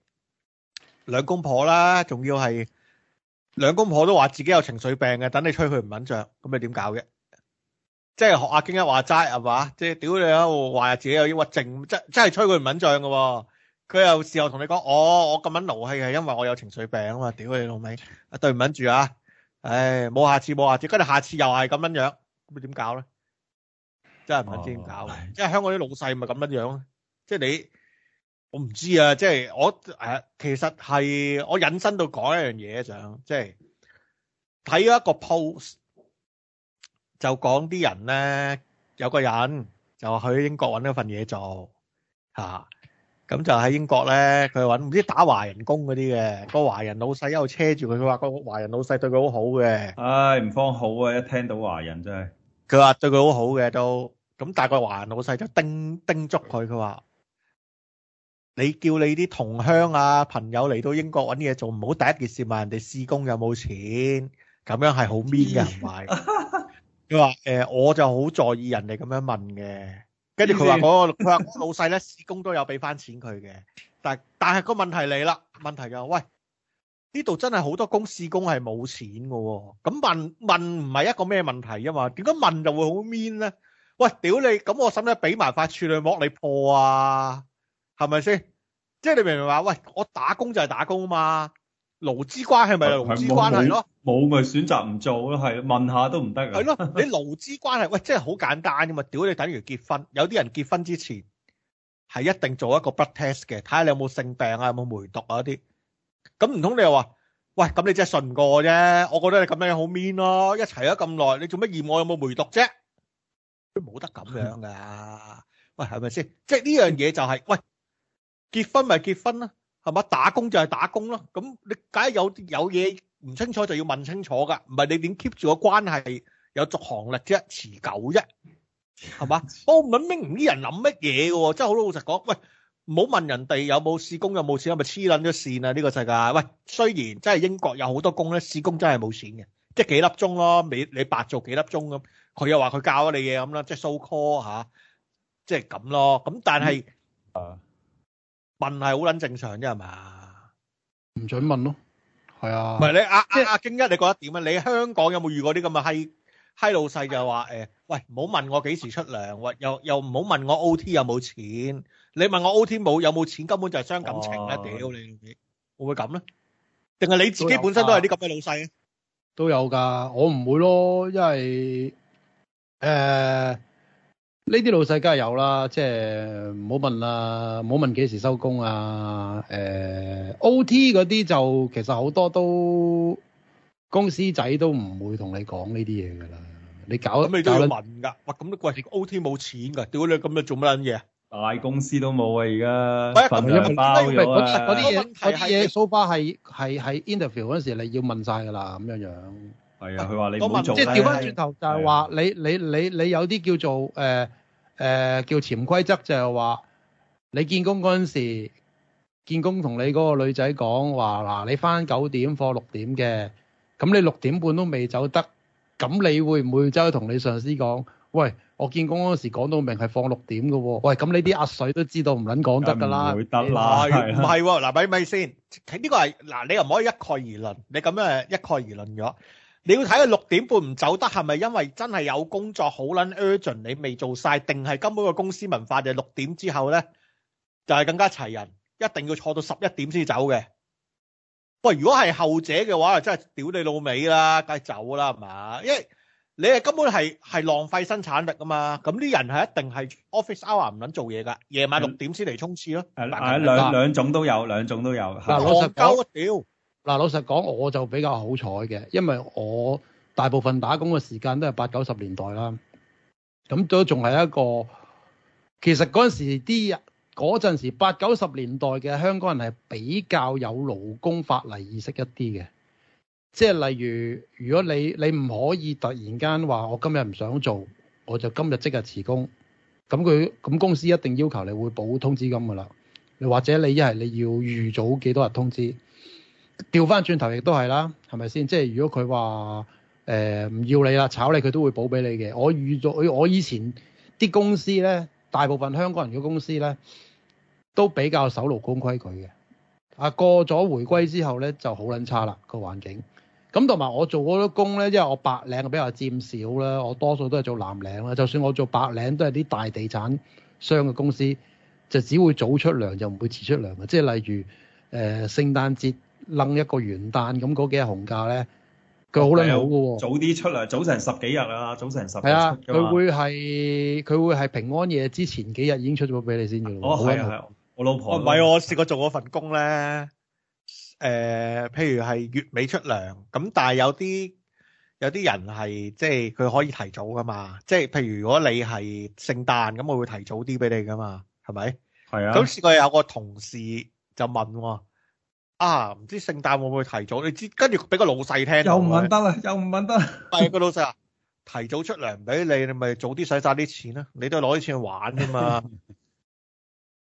兩公婆啦，仲要係兩公婆都話自己有情緒病嘅，等你吹佢唔捻脹，咁你點搞嘅？即係學阿京一話齋係嘛？即係屌你喺度話自己有抑鬱症，真真係吹佢唔捻脹嘅。佢有時候同你講、哦，我我咁樣勞氣係因為我有情緒病啊嘛，屌、啊、你老味，對唔住啊，唉，冇下次冇下次，跟住下，下次又係咁樣樣，咁咪點搞咧？真係唔知點搞、哦，即係香港啲老細咪咁樣樣咯，即係你，我唔知啊，即係我誒、啊，其實係我引申到講一樣嘢就，即係睇咗一個 post，就講啲人咧，有個人就去英國搵咗份嘢做吓。啊咁就喺英國咧，佢揾唔知打華人工嗰啲嘅個華人老細一路車住佢，佢話個華人老細對佢好好嘅。唉，唔方好啊！一聽到華人真係。佢話對佢好好嘅都，咁但係個華人老細就叮叮囑佢，佢話：你叫你啲同鄉啊朋友嚟到英國揾嘢做，唔好第一件事問人哋施工有冇錢，咁樣係好 mean 嘅唔係。佢 <laughs> 話、呃：我就好在意人哋咁樣問嘅。跟住佢話嗰個佢話老細咧，施工都有俾翻錢佢嘅，但但係個問題嚟啦，問題就係，喂，呢度真係好多工施工係冇錢嘅。哦，咁問問唔係一個咩問題啊嘛？點解問就會好 mean 咧？喂，屌你，咁我使唔使俾埋塊處女膜你破啊？係咪先？即、就、係、是、你明唔明話喂，我打工就係打工啊嘛。勞資關係咪勞資關係咯，冇咪選擇唔做咯，係問下都唔得㗎。係咯，你勞資關係喂，真係好簡單噶嘛，屌你等於結婚，有啲人結婚之前係一定做一個 blood test 嘅，睇下你有冇性病啊，有冇梅毒啊啲。咁唔通你又話喂，咁你真係信過啫，我覺得你咁樣好 mean 咯、啊，一齊咗咁耐，你做乜驗我有冇梅毒啫、啊？冇得咁樣噶、啊，喂係咪先？即係呢樣嘢就係、是、喂，結婚咪結婚啦、啊。係嘛？打工就係打工咯。咁你梗係有有嘢唔清楚就要問清楚噶。唔係你點 keep 住個關係有續航力啫？持久啫？係嘛？我唔明呢啲人諗乜嘢嘅喎？即係好老實講，喂，唔好問人哋有冇試工有冇錢，咪黐撚咗線啊！呢個世界。喂，雖然真係英國有好多工咧，試工真係冇錢嘅，即係幾粒鐘咯。你你白做幾粒鐘咁，佢又話佢教咗你嘢咁啦，即係 show call 嚇，即係咁咯。咁但係啊。問係好捻正常啫，係嘛？唔准問咯，係啊。唔係你阿阿阿京一，你覺得點啊？你香港有冇遇過啲咁嘅閪閪老細就係話誒，喂，唔好問我幾時出糧，又又唔好問我 OT 有冇錢。你問我 OT 冇有冇錢，根本就係傷感情咧，屌你老味！會唔會咁咧？定係你自己本身都係啲咁嘅老細啊？都有噶，我唔會咯，因為誒。呢啲老細梗係有啦，即係唔好問啦，唔好問幾時收工啊！誒、欸、，OT 嗰啲就其實好多都公司仔都唔會同你講呢啲嘢噶啦，你搞咁你都要問噶，哇咁都、那、貴、個、，OT 冇錢噶，屌你咁樣做乜撚嘢？大公司都冇啊，而家份工包咗嗰啲嘢嗰啲嘢，So far 係係係 interview 嗰時你要問晒噶啦，咁樣樣。係啊，佢 <noise> 話樂你唔好做啦、嗯、即係調翻轉頭就，就係話你你你你有啲叫做誒誒、呃、叫潛規則，就係話你見工嗰陣時，見工同你嗰個女仔講話嗱，時的你翻九點放六點嘅，咁你六點半都未走得，咁你會唔會真係同你上司講？喂，我見工嗰陣時講到明係放六點嘅喎，喂，咁你啲壓水都知道唔撚講得㗎啦，唔會得啦，唔係嗱，咪咪先，呢個係嗱，你又唔可以一概而論，你咁樣係一概而論咗。你要睇佢六點半唔走得係咪因為真係有工作好撚 urgent 你未做晒，定係根本個公司文化就係六點之後咧就係更加齊人，一定要坐到十一點先走嘅。喂，如果係後者嘅話，真係屌你老味啦，梗係走啦，係嘛？因為你係根本係係浪費生產力㗎嘛。咁啲人係一定係 office hour 唔撚做嘢噶，夜晚六點先嚟衝刺咯。係、嗯、兩兩種都有，兩種都有。戇鳩，屌！嗱，老實講，我就比較好彩嘅，因為我大部分打工嘅時間都係八九十年代啦。咁都仲係一個，其實嗰陣時啲人，嗰陣時八九十年代嘅香港人係比較有勞工法例意識一啲嘅。即係例如，如果你你唔可以突然間話我今日唔想做，我就今日即日辭工，咁佢咁公司一定要求你會補通知金㗎喇。你或者你一係你要預早幾多日通知。調翻轉頭亦都係啦，係咪先？即係如果佢話誒唔要你啦，炒你佢都會補俾你嘅。我預咗，我以前啲公司咧，大部分香港人嘅公司咧都比較守勞工規矩嘅。啊，過咗回歸之後咧就好撚差啦個環境。咁同埋我做嗰啲工咧，因為我白領比較佔少啦，我多數都係做藍領啦。就算我做白領，都係啲大地產商嘅公司，就只會早出糧，就唔會遲出糧嘅。即係例如誒、呃、聖誕節，掕一個元旦咁嗰幾日紅假咧，佢好靚好㗎喎。早啲出嚟，早成十幾日啦，早成十幾。係啊，佢會係佢會係平安夜之前幾日已經出咗俾你先嘅。哦，係係、啊啊，我老婆。唔、哦、係，我試過做我份工咧、呃。譬如係月尾出糧，咁但係有啲有啲人係即係佢可以提早㗎嘛。即係譬如如果你係聖誕，咁我會提早啲俾你㗎嘛。係咪？係啊。咁試過有個同事就問喎。啊！唔知聖誕會唔會提早？你知跟住俾個老細聽又唔問得啦，又唔問得。係個 <laughs> 老細啊，提早出糧俾你，你咪早啲使晒啲錢啦。你都係攞啲錢去玩啫嘛，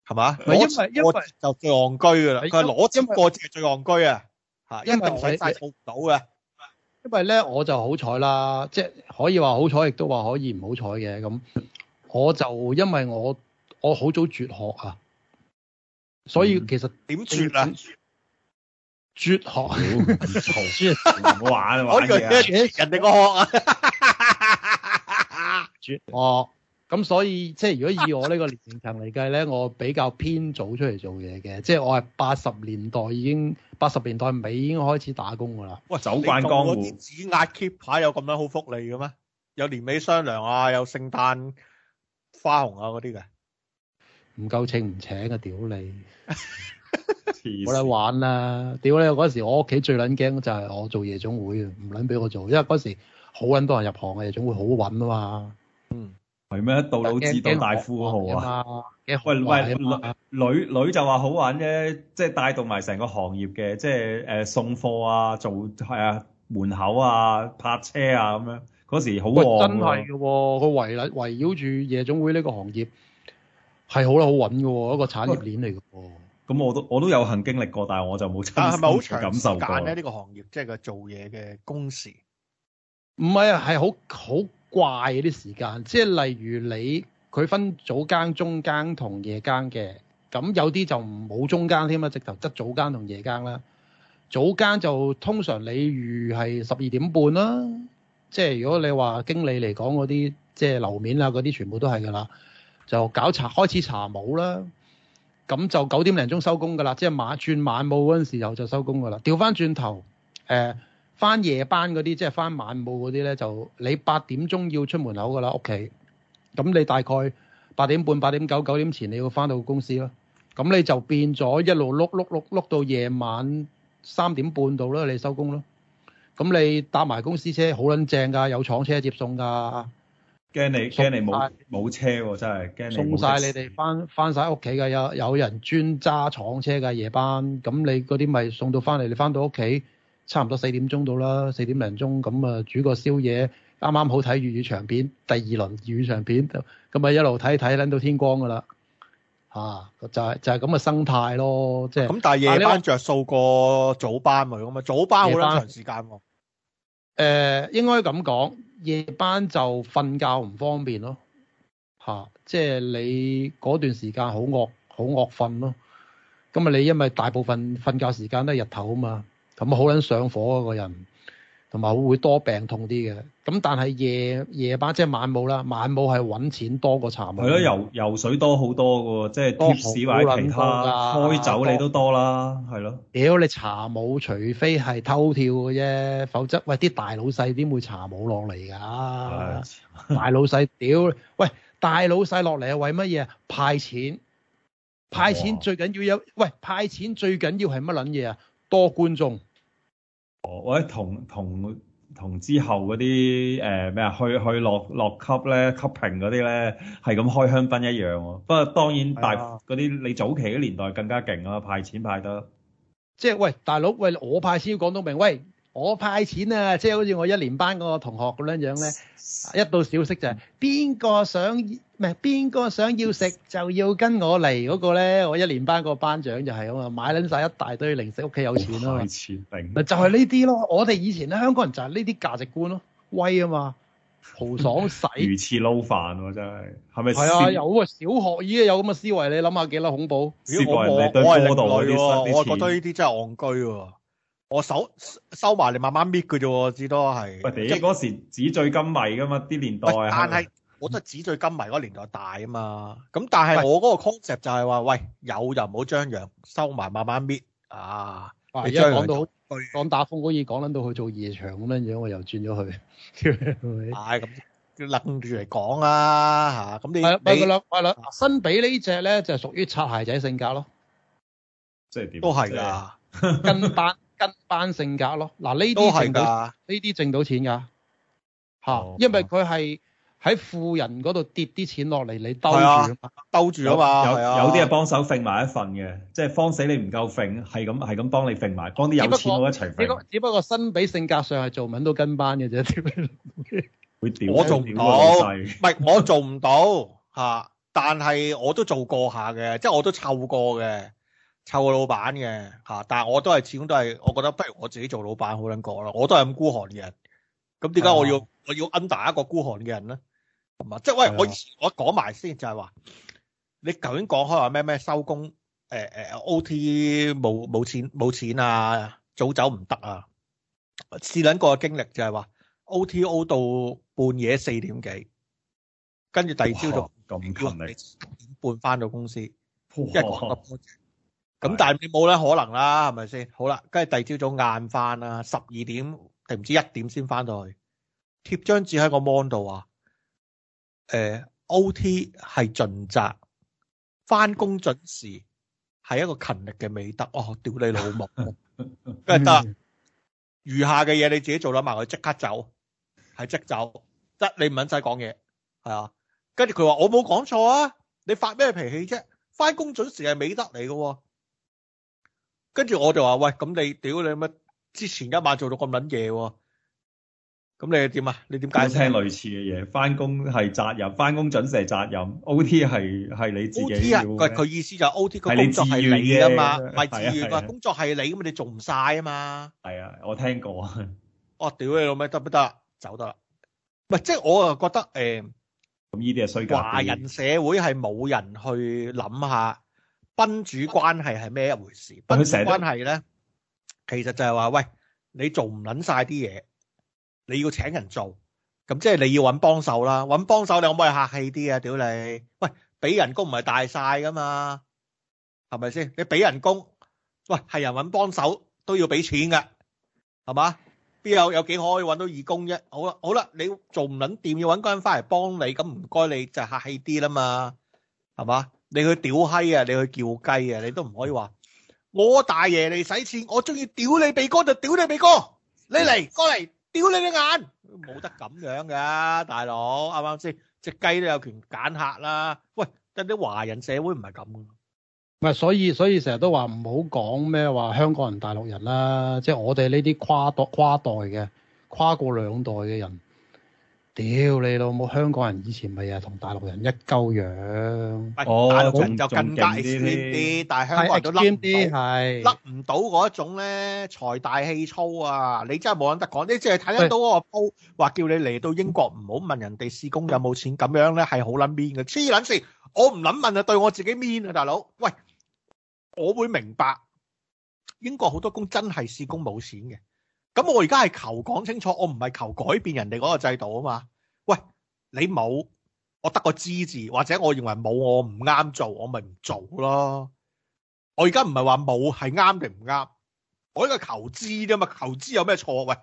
係 <laughs> 嘛？攞一個字就最戇居噶啦。佢係攞一個字最戇居啊，吓因為使晒數到嘅。因為咧、啊，我就好彩啦，即、就、係、是、可以話好彩，亦都話可以唔好彩嘅咁。我就因為我我好早絕學啊，所以其實點、嗯、絕啊？絕學，唔 <laughs> 錯，玩玩嘅。我呢個人哋個學啊，絕學。咁 <laughs> 所以即係如果以我呢個年齡層嚟計咧，我比較偏早出嚟做嘢嘅，即係我係八十年代已經八十年代尾已經開始打工噶啦。哇，走慣江湖。你做嗰啲指壓 keep 牌有咁樣好福利嘅咩？有年尾雙糧啊，有聖誕花紅啊嗰啲嘅。唔夠請唔請啊？屌你！ <laughs> 冇得玩啦、啊！屌你嗰時，我屋企最撚驚就係我做夜總會，唔撚俾我做，因為嗰時好撚多人入行嘅夜總會好穩啊嘛。嗯，係咩？杜老誌杜大富豪啊！喂喂，女女就話好玩啫，即係帶動埋成個行業嘅，即係誒、呃、送貨啊，做係啊門口啊，泊車啊咁樣。嗰時好旺啊！真係噶、哦，佢圍圍繞住夜總會呢個行業係好啦，好穩噶，一個產業鏈嚟噶。咁我都我都有幸經歷過，但係我就冇親身感受過。但係咪好長時間咧，呢、呢個行業即係個做嘢嘅工時，唔係啊，係好好怪啲時間。即係例如你佢分早更、中更同夜更嘅，咁有啲就冇中更添啦，直頭得早更同夜更啦。早更就通常你預係十二點半啦，即係如果你話經理嚟講嗰啲，即係樓面啦嗰啲，全部都係㗎啦，就搞查開始查舞啦。咁就九點零鐘收工㗎啦，即係晚轉晚務嗰陣時候就收工㗎啦。掉返轉頭，誒、呃，返夜班嗰啲，即係返晚務嗰啲咧，就你八點鐘要出門口㗎啦，屋企，咁你大概八點半、八點九、九點前你要返到公司咯，咁你就變咗一路碌碌碌碌到夜晚三點半度啦，你收工咯。咁你搭埋公司車好撚正㗎，有廠車接送㗎。驚你驚你冇冇車喎，真係驚你冇。送晒你哋翻翻晒屋企嘅，有有人專揸廠車嘅夜班，咁你嗰啲咪送到翻嚟？你翻到屋企差唔多四點鐘到啦，四點零鐘咁啊，煮個宵夜，啱啱好睇粵語長片，第二輪粵語長片咁咪一路睇睇，捻到天光噶啦吓，就係、是、就係咁嘅生態咯，即係咁。但係夜班着數過早班咪，咁啊早班好啦長時間誒，應該咁講。夜班就瞓覺唔方便咯，吓，即係你嗰段時間好惡好惡瞓咯，咁啊你因為大部分瞓覺時間都係日頭啊嘛，咁啊好捻上火啊個人。同埋會多病痛啲嘅，咁但係夜夜班即係晚舞啦，晚舞係揾錢多過茶舞。係咯，游水多好多嘅喎，即係貼士或者多㗎，開酒你都多啦，係咯。屌你茶舞，除非係偷跳嘅啫，否則喂啲大老細點會茶舞落嚟㗎？ <laughs> 大老細屌喂，大老細落嚟係為乜嘢？派錢，派錢最緊要有喂，派錢最緊要係乜撚嘢啊？多觀眾。哦，或者同同同之後嗰啲誒咩啊，去去落落級咧，級平嗰啲咧係咁開香檳一樣、啊。不過當然大嗰啲你早期嘅年代更加勁啦、啊，派錢派得。即係喂，大佬喂，我派先講到明喂。我派錢啊，即、就、係、是、好似我一年班嗰個同學咁樣樣咧、嗯，一到小息就係邊個想唔係邊個想要食就要跟我嚟嗰個咧，我一年班個班長就係啊嘛，買撚晒一大堆零食，屋企有錢咯、啊。派錢定咪就係呢啲咯，我哋以前咧香港人就係呢啲價值觀咯，威啊嘛，豪爽使魚翅撈飯喎、啊、真係，係咪係啊？有喎、啊，小學已經有咁嘅思維，你諗下幾撚恐怖？哎、我道我我另外喎，我覺得呢啲真係戇居喎。我手收收埋嚟，慢慢搣嘅啫喎，至多係。即嗰時紙醉金迷噶嘛啲年代，但係、嗯、我都係紙醉金迷嗰年代大啊嘛。咁但係我嗰個 concept 就係話，喂，有就唔好張揚，收埋慢慢搣啊。你一講到講打風可以講諗到去做夜場咁樣樣，我又轉咗去。唉，咁諗住嚟講啊嚇。咁、啊、你你你分俾呢隻咧，就係屬於擦鞋仔性格咯。即係點？都係㗎，跟班。跟班性格咯，嗱呢啲，都係噶，呢啲掙到錢噶嚇、哦，因為佢係喺富人嗰度跌啲錢落嚟，你兜住兜住啊嘛，有啲啊有有啲係幫手揈埋一份嘅，即係慌死你唔夠揈，係咁係咁幫你揈埋，幫啲有錢佬一齊揈。只不過幸比性格上係做唔到跟班嘅啫，點 <laughs> 會？我做唔到，唔係我做唔到嚇， <laughs> 但係我都做過下嘅，即係我都湊過嘅。湊個老闆嘅吓，但係我都係始終都係，我覺得不如我自己做老闆好捻過啦。我都係咁孤寒嘅人，咁點解我要我要 under 一個孤寒嘅人咧？係嘛，即係喂，我我講埋先就係話，你頭先講開話咩咩收工誒誒、欸、O.T. 冇冇錢冇錢啊，早走唔得啊。試捻過嘅經歷就係話 O.T.O 到半夜四點幾，跟住第二朝早咁勤力點半返到公司一個多。咁但係你冇咧可能啦，係咪先？好啦，跟住第二朝早晏翻啊，十二點定唔知一點先翻到去，貼張紙喺個 mon 度啊誒，O.T. 係盡責，翻工準時係一個勤力嘅美德。哦，屌你老母，跟住得，餘下嘅嘢你自己做咗埋佢，即刻走，係即走，得你唔撚使講嘢，係啊。跟住佢話我冇講錯啊，你發咩脾氣啫？翻工準時係美德嚟喎，啊。」跟住我就話喂，咁你屌你乜？你之前一晚做到咁捻夜喎，咁你又點啊？你點解釋？都聽類似嘅嘢，翻工係責任，翻工準時係責任，O T 係係你自己要啊？佢意思就 O T，佢工作係你啊嘛，咪自願，自願工作係你咁啊，你做唔晒啊嘛？係啊，我聽過啊。我屌你老咩？得唔得？走得啦。唔係，即係我啊覺得誒，咁呢啲係衰。華人社會係冇人去諗下。賓主關係係咩一回事？賓主關係咧，其實就係話喂，你做唔捻晒啲嘢，你要請人做，咁即係你要搵幫手啦。搵幫手你可唔可以客氣啲啊？屌你，喂，俾人工唔係大晒噶嘛？係咪先？你俾人工，喂，係人搵幫手都要俾錢噶，係嘛？邊有有幾可以搵到義工啫？好啦，好啦，你做唔捻掂要搵個人翻嚟幫你，咁唔該你就客氣啲啦嘛，係嘛？你去屌閪啊！你去叫雞啊！你都唔可以話我大爺嚟使錢，我中意屌你鼻哥就屌你鼻哥，你嚟過嚟屌你隻眼，冇得咁樣噶，大佬，啱唔啱先？隻雞都有權揀客啦。喂，但啲華人社會唔係咁嘅。唔係，所以所以成日都話唔好講咩話香港人大陸人啦，即係我哋呢啲跨跨代嘅跨過兩代嘅人。屌你老母！香港人以前咪又同大陸人一鳩樣，大陸人就更加勁啲，但係香港人都甩啲，係甩唔到嗰一種咧，財大氣粗啊！你真係冇得講，你即係睇得到嗰個鋪，話叫你嚟到英國唔好問人哋試工有冇錢，咁樣咧係好捻 mean 嘅，黐捻線！我唔撚問啊，對我自己 mean 啊，大佬，喂，我會明白，英國好多工真係試工冇錢嘅。咁我而家係求講清楚，我唔係求改變人哋嗰個制度啊嘛。喂，你冇，我得個資字，或者我認為冇，我唔啱做，我咪唔做咯。我而家唔係話冇係啱定唔啱，我呢個求知啫嘛，求知有咩錯？喂，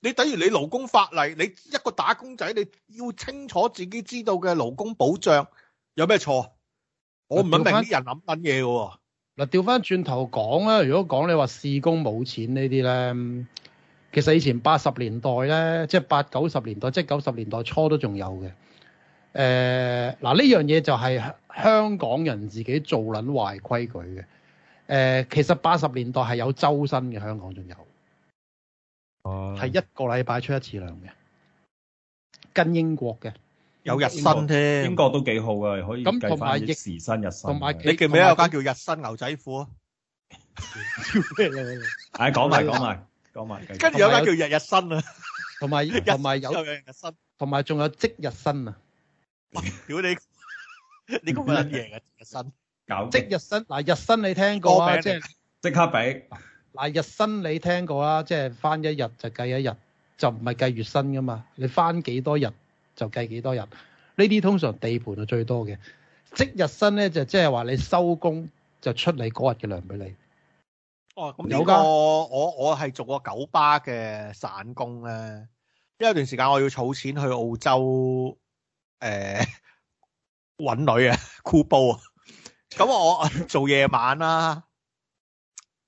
你等於你勞工法例，你一個打工仔，你要清楚自己知道嘅勞工保障有咩錯？我唔明啲人諗緊嘢噶。嗱，調翻轉頭講啦，如果講你話試工冇錢呢啲咧。其實以前八十年代咧，即係八九十年代，即係九十年代初都仲有嘅。誒、呃，嗱呢樣嘢就係香港人自己做撚壞規矩嘅。誒、呃，其實八十年代係有周身嘅，香港仲有，係、啊、一個禮拜出一次糧嘅，跟英國嘅有日薪添。英國都幾好嘅，可以同埋益時薪日薪。同埋你記唔記得有間叫日薪牛仔褲？超咩嚟？誒，講埋講埋。跟住有間叫日日薪啊，同埋同埋有日日薪、啊，同埋仲有即日薪啊！ <laughs> 屌你，你講乜嘢啊？日薪即日薪嗱，日薪你聽過啊？即係即刻俾嗱、啊，日薪你聽過啊？即係翻一日就計一日，就唔係計月薪噶嘛？你翻幾多日就計幾多日，呢啲通常地盤係最多嘅。即日薪咧就即係話你收工就出你嗰日嘅糧俾你。哦，咁呢個我我係做過九巴嘅散工咧，因為有段時間我要儲錢去澳洲，誒、呃、搵女啊，箍煲啊，咁 <laughs> 我做夜晚啦，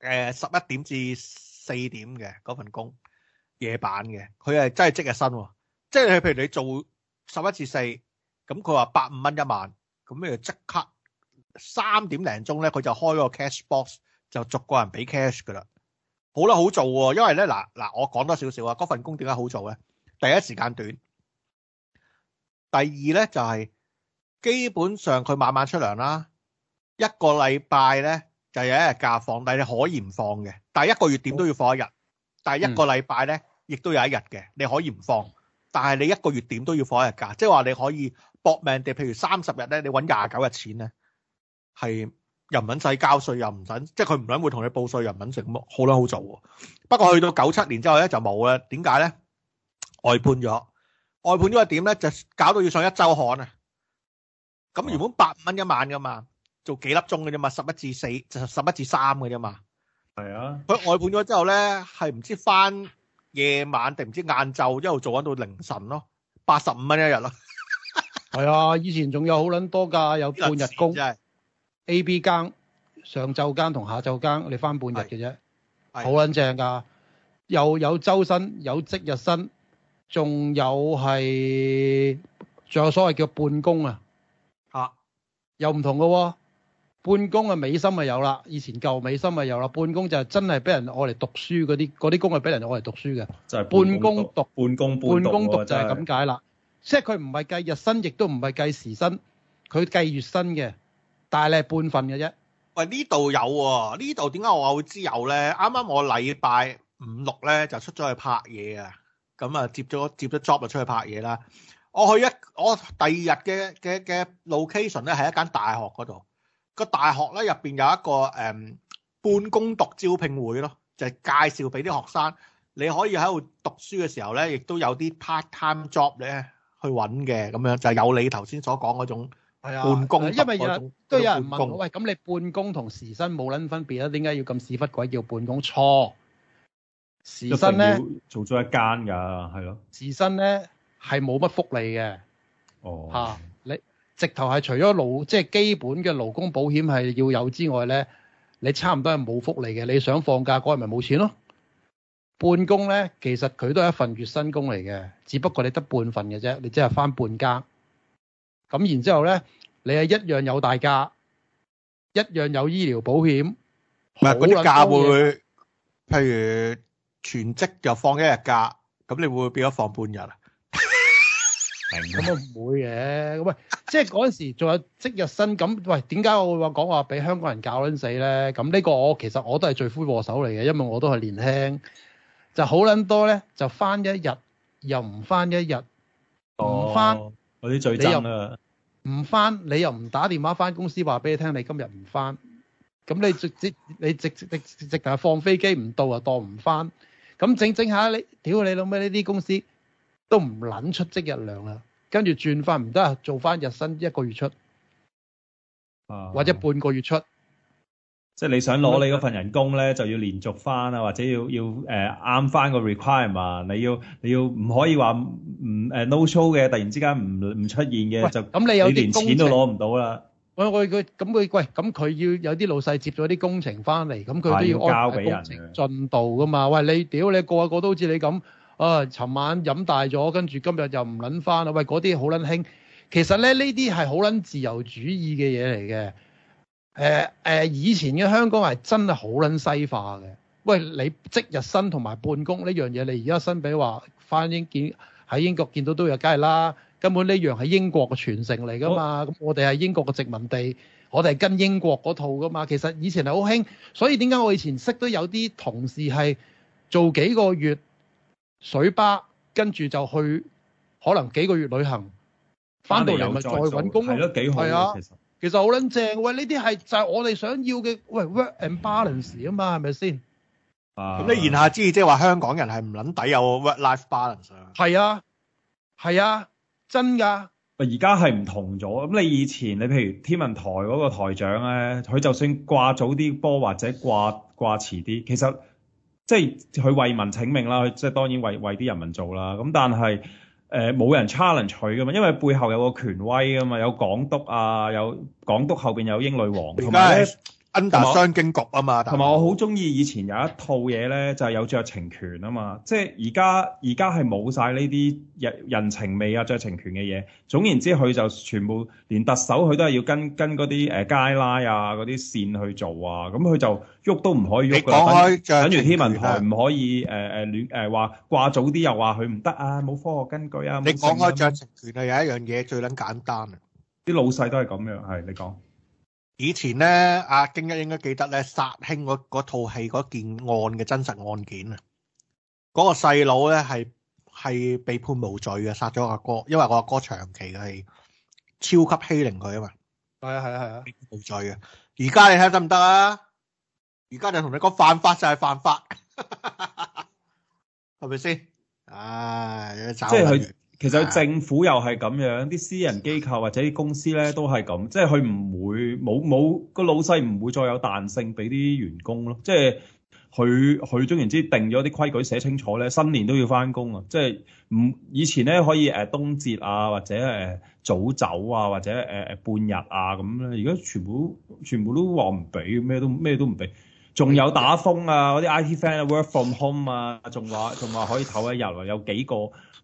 誒十一點至四點嘅嗰份工，夜晚嘅，佢係真係即日薪喎，即係譬如你做十一至四，咁佢話八五蚊一晚，咁你就即刻三點零鐘咧，佢就開個 cash box。就逐個人俾 cash 㗎啦，好啦好做喎，因為咧嗱嗱，我講多少少啊，嗰份工點解好做咧？第一時間短，第二咧就係、是、基本上佢晚晚出糧啦，一個禮拜咧就有一日假放，但係你可以唔放嘅。但係一個月點都要放一日，但係一個禮拜咧亦都有一日嘅，你可以唔放，但係你一個月點都要放一日假，即係話你可以搏命地，譬如三十日咧，你揾廿九日錢咧係人民世交稅又唔使，即係佢唔想會同你報稅。人民城好捻好做喎，不過去到九七年之後咧就冇啦。點解咧？外判咗，外判咗係點咧就搞到要上一周刊啊！咁原本八蚊一晚噶嘛，做幾粒鐘㗎啫嘛，十一至四，十十一至三㗎啫嘛。係啊。佢外判咗之後咧，係唔知翻夜晚定唔知晏晝一路做緊到凌晨咯，八十五蚊一日咯。係 <laughs> 啊，以前仲有好捻多噶，有半日工。A、B 更上晝更同下晝更，你翻半日嘅啫，好撚正噶，又有，有周薪，有即日薪，仲有係，仲有所謂叫半工啊，吓、啊、又唔同噶喎、啊，半工嘅尾薪咪有啦，以前舊尾薪咪有啦，半工就係真係俾人愛嚟讀書嗰啲，嗰啲工係俾人愛嚟讀書嘅、就是，半工讀半工半工。讀就係咁、就是、解啦，即係佢唔係計日薪，亦都唔係計時薪，佢計月薪嘅。但係你係半份嘅啫，喂，呢度有喎、啊，呢度點解我話會知有咧？啱啱我禮拜五六咧就出咗去拍嘢啊，咁啊接咗接咗 job 就出去拍嘢啦。我去一我第二日嘅嘅嘅 location 咧係一間大學嗰度，個大學咧入邊有一個誒、嗯、半工讀招聘會咯，就係、介紹俾啲學生，你可以喺度讀書嘅時候咧，亦都有啲 part-time job 咧去搵嘅，咁樣就是、有你頭先所講嗰種。係啊，半工，因為有都有人問我，喂，咁你半工同時薪冇撚分別啊？點解要咁屎忽鬼叫半工？錯，時薪咧做咗一間㗎，係咯、啊。時薪咧係冇乜福利嘅。哦，吓、你直頭係除咗勞即係、就是、基本嘅勞工保險係要有之外咧，你差唔多係冇福利嘅。你想放假嗰日咪冇錢咯？半工咧，其實佢都係一份月薪工嚟嘅，只不過你得半份嘅啫，你即係翻半間咁然之後咧，你係一樣有大假，一樣有醫療保險。唔係嗰啲假會唔會，譬如全職就放一日假，咁你會唔會變咗放半 <laughs> <laughs> <laughs> <laughs> 日啊？咁都唔會嘅，咁喂，即係嗰陣時仲有職日薪咁，喂，點解我會話講話俾香港人教撚死咧？咁呢個我其實我都係罪魁禍首嚟嘅，因為我都係年輕，就好撚多咧，就翻一日又唔翻一日，唔、哦、翻。啲最憎啦！唔翻，你又唔打電話翻公司話俾你聽，你今日唔翻，咁你直接 <laughs> 你直直直直放飛機，唔到啊，當唔翻，咁整整下你，屌你老咩呢啲公司都唔撚出即日糧啦，跟住轉翻唔得啊，做翻日薪一個月出，或者半個月出。 <laughs> 即係你想攞你嗰份人工咧，就要連續翻啊，或者要要誒啱翻個 require 嘛？你要你要唔可以話唔、呃、no show 嘅，突然之間唔唔出現嘅就，咁你有啲工程你連錢都攞唔到啦。喂喂佢咁佢喂咁佢要有啲老細接咗啲工程翻嚟，咁佢都要交畀人工程進度噶嘛？喂你屌你個、個個都好似你咁啊！呃、尋晚飲大咗，跟住今日又唔撚翻啦。喂嗰啲好撚興，其實咧呢啲係好撚自由主義嘅嘢嚟嘅。誒誒，以前嘅香港係真係好撚西化嘅。喂，你即日薪同埋半工呢樣嘢，你而家新比話翻英見喺英國見到都有，梗係啦。根本呢樣係英國嘅傳承嚟噶嘛？咁、嗯、我哋係英國嘅殖民地，我哋係跟英國嗰套噶嘛。其實以前係好興，所以點解我以前識都有啲同事係做幾個月水巴，跟住就去可能幾個月旅行，翻到嚟咪再搵工咯。係幾好啊，其實好撚正喂，呢啲係就係我哋想要嘅喂 work and balance 啊嘛，係咪先？啊！咁你言下之意即係話香港人係唔撚抵有 work life balance？係啊，係啊，啊，真㗎！而家係唔同咗。咁你以前你譬如天文台嗰個台長咧，佢就算掛早啲波或者掛掛遲啲，其實即係佢為民請命啦，即係當然為為啲人民做啦。咁但係誒、呃，冇人 challenge 佢噶嘛，因為背後有個權威噶嘛，有港督啊，有港督後邊有英女王同埋。恩，大商經局啊嘛，同埋我好中意以前有一套嘢咧，就係、有着情權啊嘛，即係而家而家係冇晒呢啲人人情味啊、着情權嘅嘢。總言之，佢就全部連特首佢都係要跟跟嗰啲、呃、街拉啊嗰啲線去做啊，咁佢就喐都唔可以喐。你講開着，等住天文台唔可以誒誒亂誒話掛早啲又話佢唔得啊，冇科學根據啊。啊你講開着情權啊，有一樣嘢最撚簡單啊！啲老細都係咁樣，係你講。以前咧，阿、啊、京一應該記得咧，殺兄嗰套戲，嗰件案嘅真實案件啊！嗰、那個細佬咧係係被判無罪嘅，殺咗我阿哥，因為我阿哥長期係超級欺凌佢啊嘛。係啊係啊係啊，無罪嘅。而家你睇得唔得啊？而家就同你講犯法就係犯法，係 <laughs> 咪先？唉、哎，即係其實政府又係咁樣，啲私人機構或者啲公司咧都係咁，即係佢唔會冇冇個老細唔會再有彈性俾啲員工咯，即係佢佢總言之定咗啲規矩寫清楚咧，新年都要返工啊！即係唔以前咧可以冬節啊或者啊早走啊或者啊半日啊咁咧，而家全部全部都話唔俾咩都咩都唔俾，仲有打風啊嗰啲 IT fan work from home 啊，仲話仲話可以唞一日有幾個？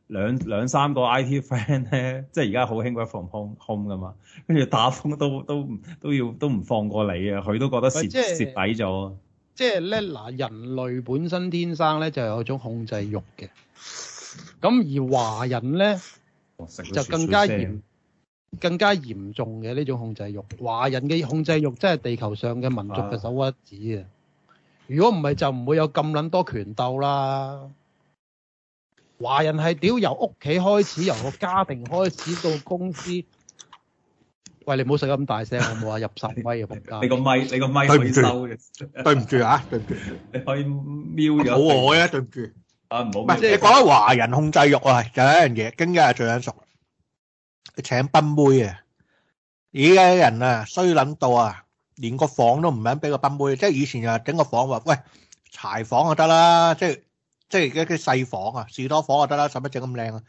兩兩三個 I T friend 咧，即係而家好興鬼放空 o home 噶嘛，跟住打風都都唔都要都唔放過你啊！佢都覺得蝕蝕底咗。啊，即係咧嗱，人類本身天生咧就有一種控制欲嘅，咁而華人咧、哦、就更加嚴更加嚴重嘅呢種控制欲。華人嘅控制欲真係地球上嘅民族嘅首屈一指啊！如果唔係就唔會有咁撚多拳鬥啦。華人係屌，由屋企開始，由個家庭開始到公司。喂，你唔好食咁大聲，我冇話入十米嘅房間。你個咪，你個咪對唔住，對唔住啊，對唔住。你可以瞄咗。冇我呀，對唔住。啊，唔好。唔係，你講緊華人控制欲啊，就有一樣嘢，京一係最緊熟。你請賓妹啊，而家啲人啊衰捻到啊，連個房都唔肯俾個賓妹，即係以前啊整個房話喂柴房就得啦，即係。即係而家啲細房啊，士多房就得啦，使乜整咁靚啊？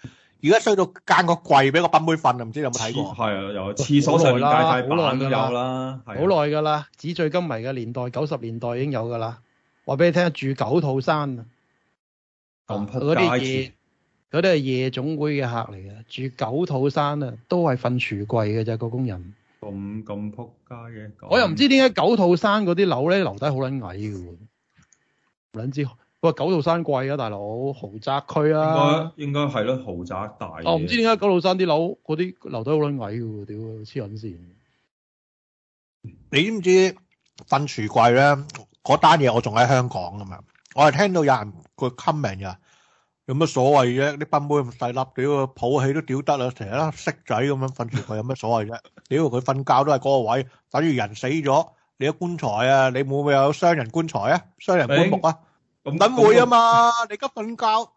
而家衰到間個櫃俾個賓妹瞓啊，唔知你有冇睇過？係啊，有。廁所上面大地板都有啦，好耐噶啦，紙醉金迷嘅年代，九十年代已經有噶啦。話俾你聽，住九肚山啊，咁仆街嘅，嗰啲係夜總會嘅客嚟嘅。住九肚山啊，都係瞓櫥櫃嘅啫個工人。咁咁仆街嘅。我又唔知點解九肚山嗰啲樓咧，樓底好撚矮嘅喎、啊，捻知。九道山貴啊，大佬豪宅區啊，應該應該係咯，豪宅大。我、哦、唔知點解九道山啲樓嗰啲樓底好撚矮嘅喎，屌黐撚線！你知唔知瞓櫥櫃咧？嗰單嘢我仲喺香港啊嘛，我係聽到有人佢噏名啊，有乜所謂啫？啲賓妹咁細粒，屌抱起都屌得啊！成日粒骰仔咁樣瞓櫥櫃有乜所謂啫？屌佢瞓覺都係嗰個位，等於人死咗，你啲棺材啊，你會唔會有雙人棺材啊？雙人棺木啊？唔等會啊嘛！你而家瞓覺，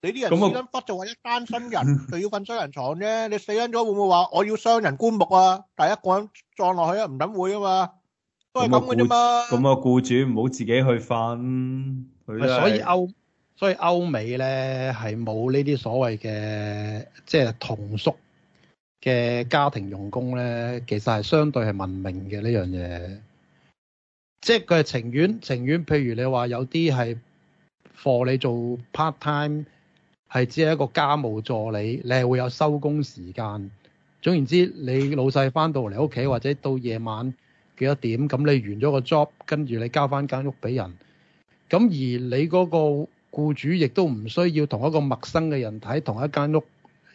你啲人死得不就話一單身人就要瞓雙人床啫？你死咗會唔會話我要雙人棺木啊？但係一個人葬落去啊，唔等會啊嘛，都係咁嘅啫嘛。咁個僱主唔好自己去瞓，咪所以歐所以歐美咧係冇呢啲所謂嘅即係同宿嘅家庭傭工咧，其實係相對係文明嘅呢樣嘢，即係佢係情願情願，譬如你話有啲係。課你做 part time 係只係一個家務助理，你係會有收工時間。總言之，你老細翻到嚟屋企或者到夜晚幾多點，咁你完咗個 job，跟住你交翻間屋俾人。咁而你嗰個僱主亦都唔需要同一個陌生嘅人喺同一間屋，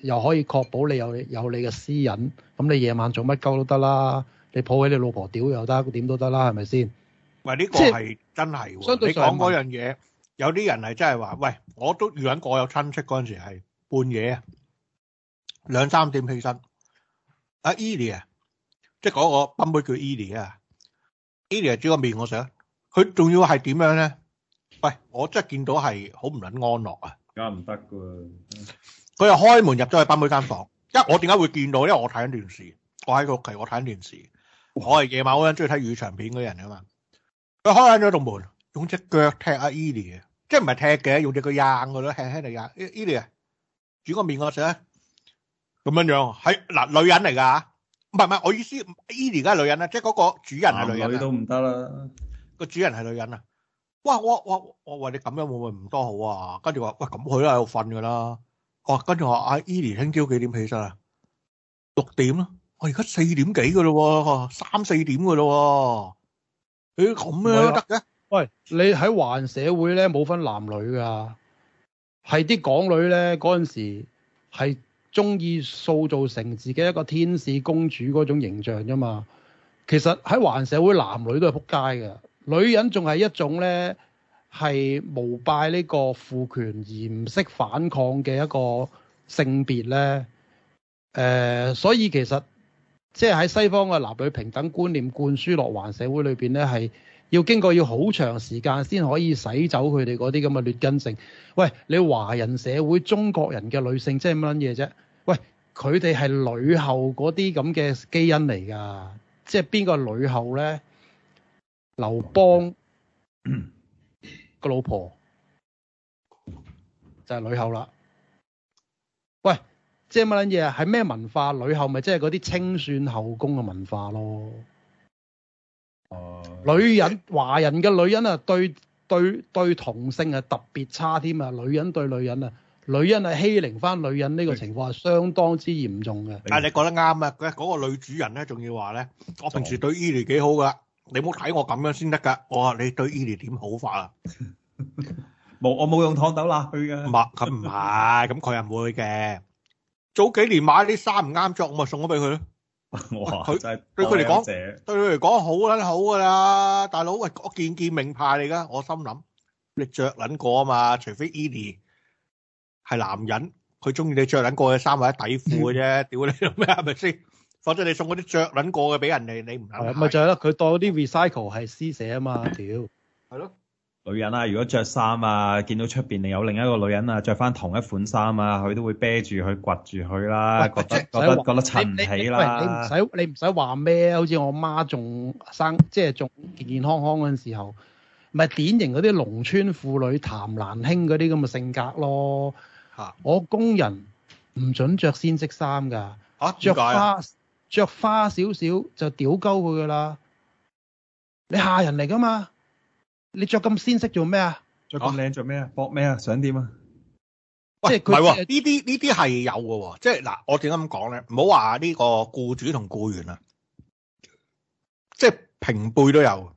又可以確保你有有你嘅私隱。咁你夜晚做乜鳩都得啦，你抱起你老婆屌又得，點都得啦，係咪先？喂，呢個係真係，相對上你講嗰樣嘢。有啲人係真係話，喂，我都遇緊過我有親戚嗰陣時係半夜啊，兩三點起身。阿 Edie 啊，即係嗰個賓妹叫 Edie 啊 Edie 煮個麵我想佢仲要係點樣咧？喂，我真係見到係好唔撚安樂啊，梗唔得㗎。佢又開門入咗去賓妹間房間，一我點解會見到？因為我睇緊電視，我喺佢屋企，我睇緊電視。我係夜晚好緊中意睇雨場片嘅人啊嘛。佢開緊咗度門，用隻腳踢阿 Edie 即係唔係踢嘅，用隻腳掹佢咯，輕輕地掹。Eli 啊，煮個麵我食啊，咁樣樣係嗱，女人嚟噶吓，唔係唔係，我意思 Eli 而家女人啦，即係嗰個主人係女人。女都唔得啦，個主人係女人啊！哇哇哇！我話你咁樣會唔會唔多好啊？跟住話喂，咁佢都喺度瞓噶啦。哦跟住話啊，Eli 聽朝幾點起身啊？六點咯。我而家四點幾噶咯，三四點噶咯。你咁樣都得嘅？喂，你喺環社會咧冇分男女㗎，係啲港女咧嗰陣時係鍾意塑造成自己一個天使公主嗰種形象啫嘛。其實喺環社會，男女都係撲街嘅。女人仲係一種咧係膜拜呢個父權而唔識反抗嘅一個性別咧。誒、呃，所以其實即係喺西方嘅男女平等觀念灌輸落環社會裏面咧，係。要經過要好長時間先可以洗走佢哋嗰啲咁嘅劣根性。喂，你華人社會中國人嘅女性即係乜嘢啫？喂，佢哋係呂后嗰啲咁嘅基因嚟噶，即係邊個呂后咧？劉邦個老婆就係呂后啦。喂，即係乜撚嘢啊？係咩文化？呂后咪即係嗰啲清算後宮嘅文化咯。哦，女人華人嘅女人啊，對對對同性啊特別差添啊，女人對女人啊，女人係欺凌翻女人，呢個情況係相當之嚴重嘅。但你覺得啱啊？嗰、嗰、嗰個女主人咧，仲要話咧，我平時對 Elly 幾好噶，你冇睇我咁樣先得噶。我話你對 Elly 點好法啊？冇， <laughs> 我冇用燙斗乸佢噶。唔係，咁唔係，咁佢又唔會嘅。早幾年買啲衫唔啱着，我咪送咗俾佢咯。哇！佢對佢嚟講，對佢嚟講好捻，好噶啦，大佬喂，我件件名牌嚟噶，我心諗你着捻過啊嘛，除非 Edie 係男人，佢中意你着捻過嘅衫或者底褲嘅啫，屌 <laughs> 你做咩係咪先？否則你送嗰啲着捻過嘅俾人哋，你唔啱。咪就係、是、咯，佢當嗰啲 recycle 係施捨啊嘛，屌係咯。 <laughs> 女人啊，如果着衫啊，見到出邊有另一個女人啊，着翻同一款衫啊，佢都會啤住佢，掘住佢啦，覺得覺得覺得襯唔起啦。你唔使你唔使話咩，好似我媽仲生，即係仲健健康康嗰陣時候，咪典型嗰啲農村婦女譚蘭卿嗰啲咁嘅性格咯。嚇、啊、我工人唔準着鮮色衫㗎，着、啊、花著花少少就屌鳩佢㗎啦。你下人嚟㗎嘛？你着咁鮮色做咩啊？着咁靚做咩啊？搏咩啊？想點啊？即係呢啲呢啲係有喎、啊！即係嗱，我點解咁講咧？唔好話呢個僱主同僱員啊，即係平輩都有。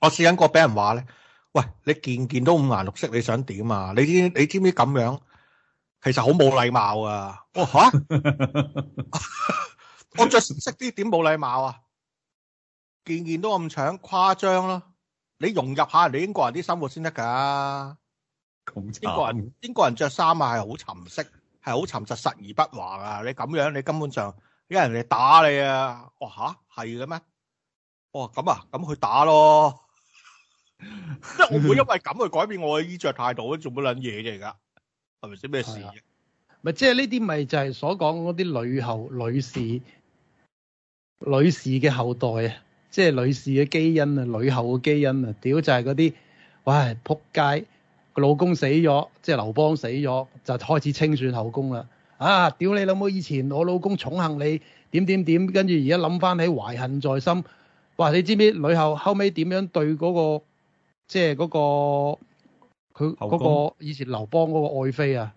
我試緊過俾人話咧，喂，你件件都五顏六色，你想點啊？你知你知唔知咁樣？其實好冇禮貌啊！ <laughs> <laughs> 我吓，我着色啲點冇禮貌啊？件件都咁搶誇張咯。你融入下人哋英國人啲生活先得噶。英國人英國人着衫啊，係好沉色，係好沉實實而不華啊。你咁樣，你根本上因人哋打你啊。哇吓，係嘅咩？哦，咁啊，咁、哦啊、去打咯。即 <laughs> 係 <laughs> 我唔會因為咁去改變我嘅衣着態度，做乜卵嘢而家係咪先咩事？咪即係呢啲咪就係、是、所講嗰啲女后女士女士嘅後代啊。即係女士嘅基因啊，呂后嘅基因啊，屌就係嗰啲，喂撲街，個老公死咗，即係劉邦死咗，就開始清算後宮啦。啊，屌你老母！以前我老公寵幸你，點點點，跟住而家諗翻起懷恨在心。哇，你知唔知呂后後尾點樣對嗰個，即係嗰個佢嗰個以前劉邦嗰個愛妃啊？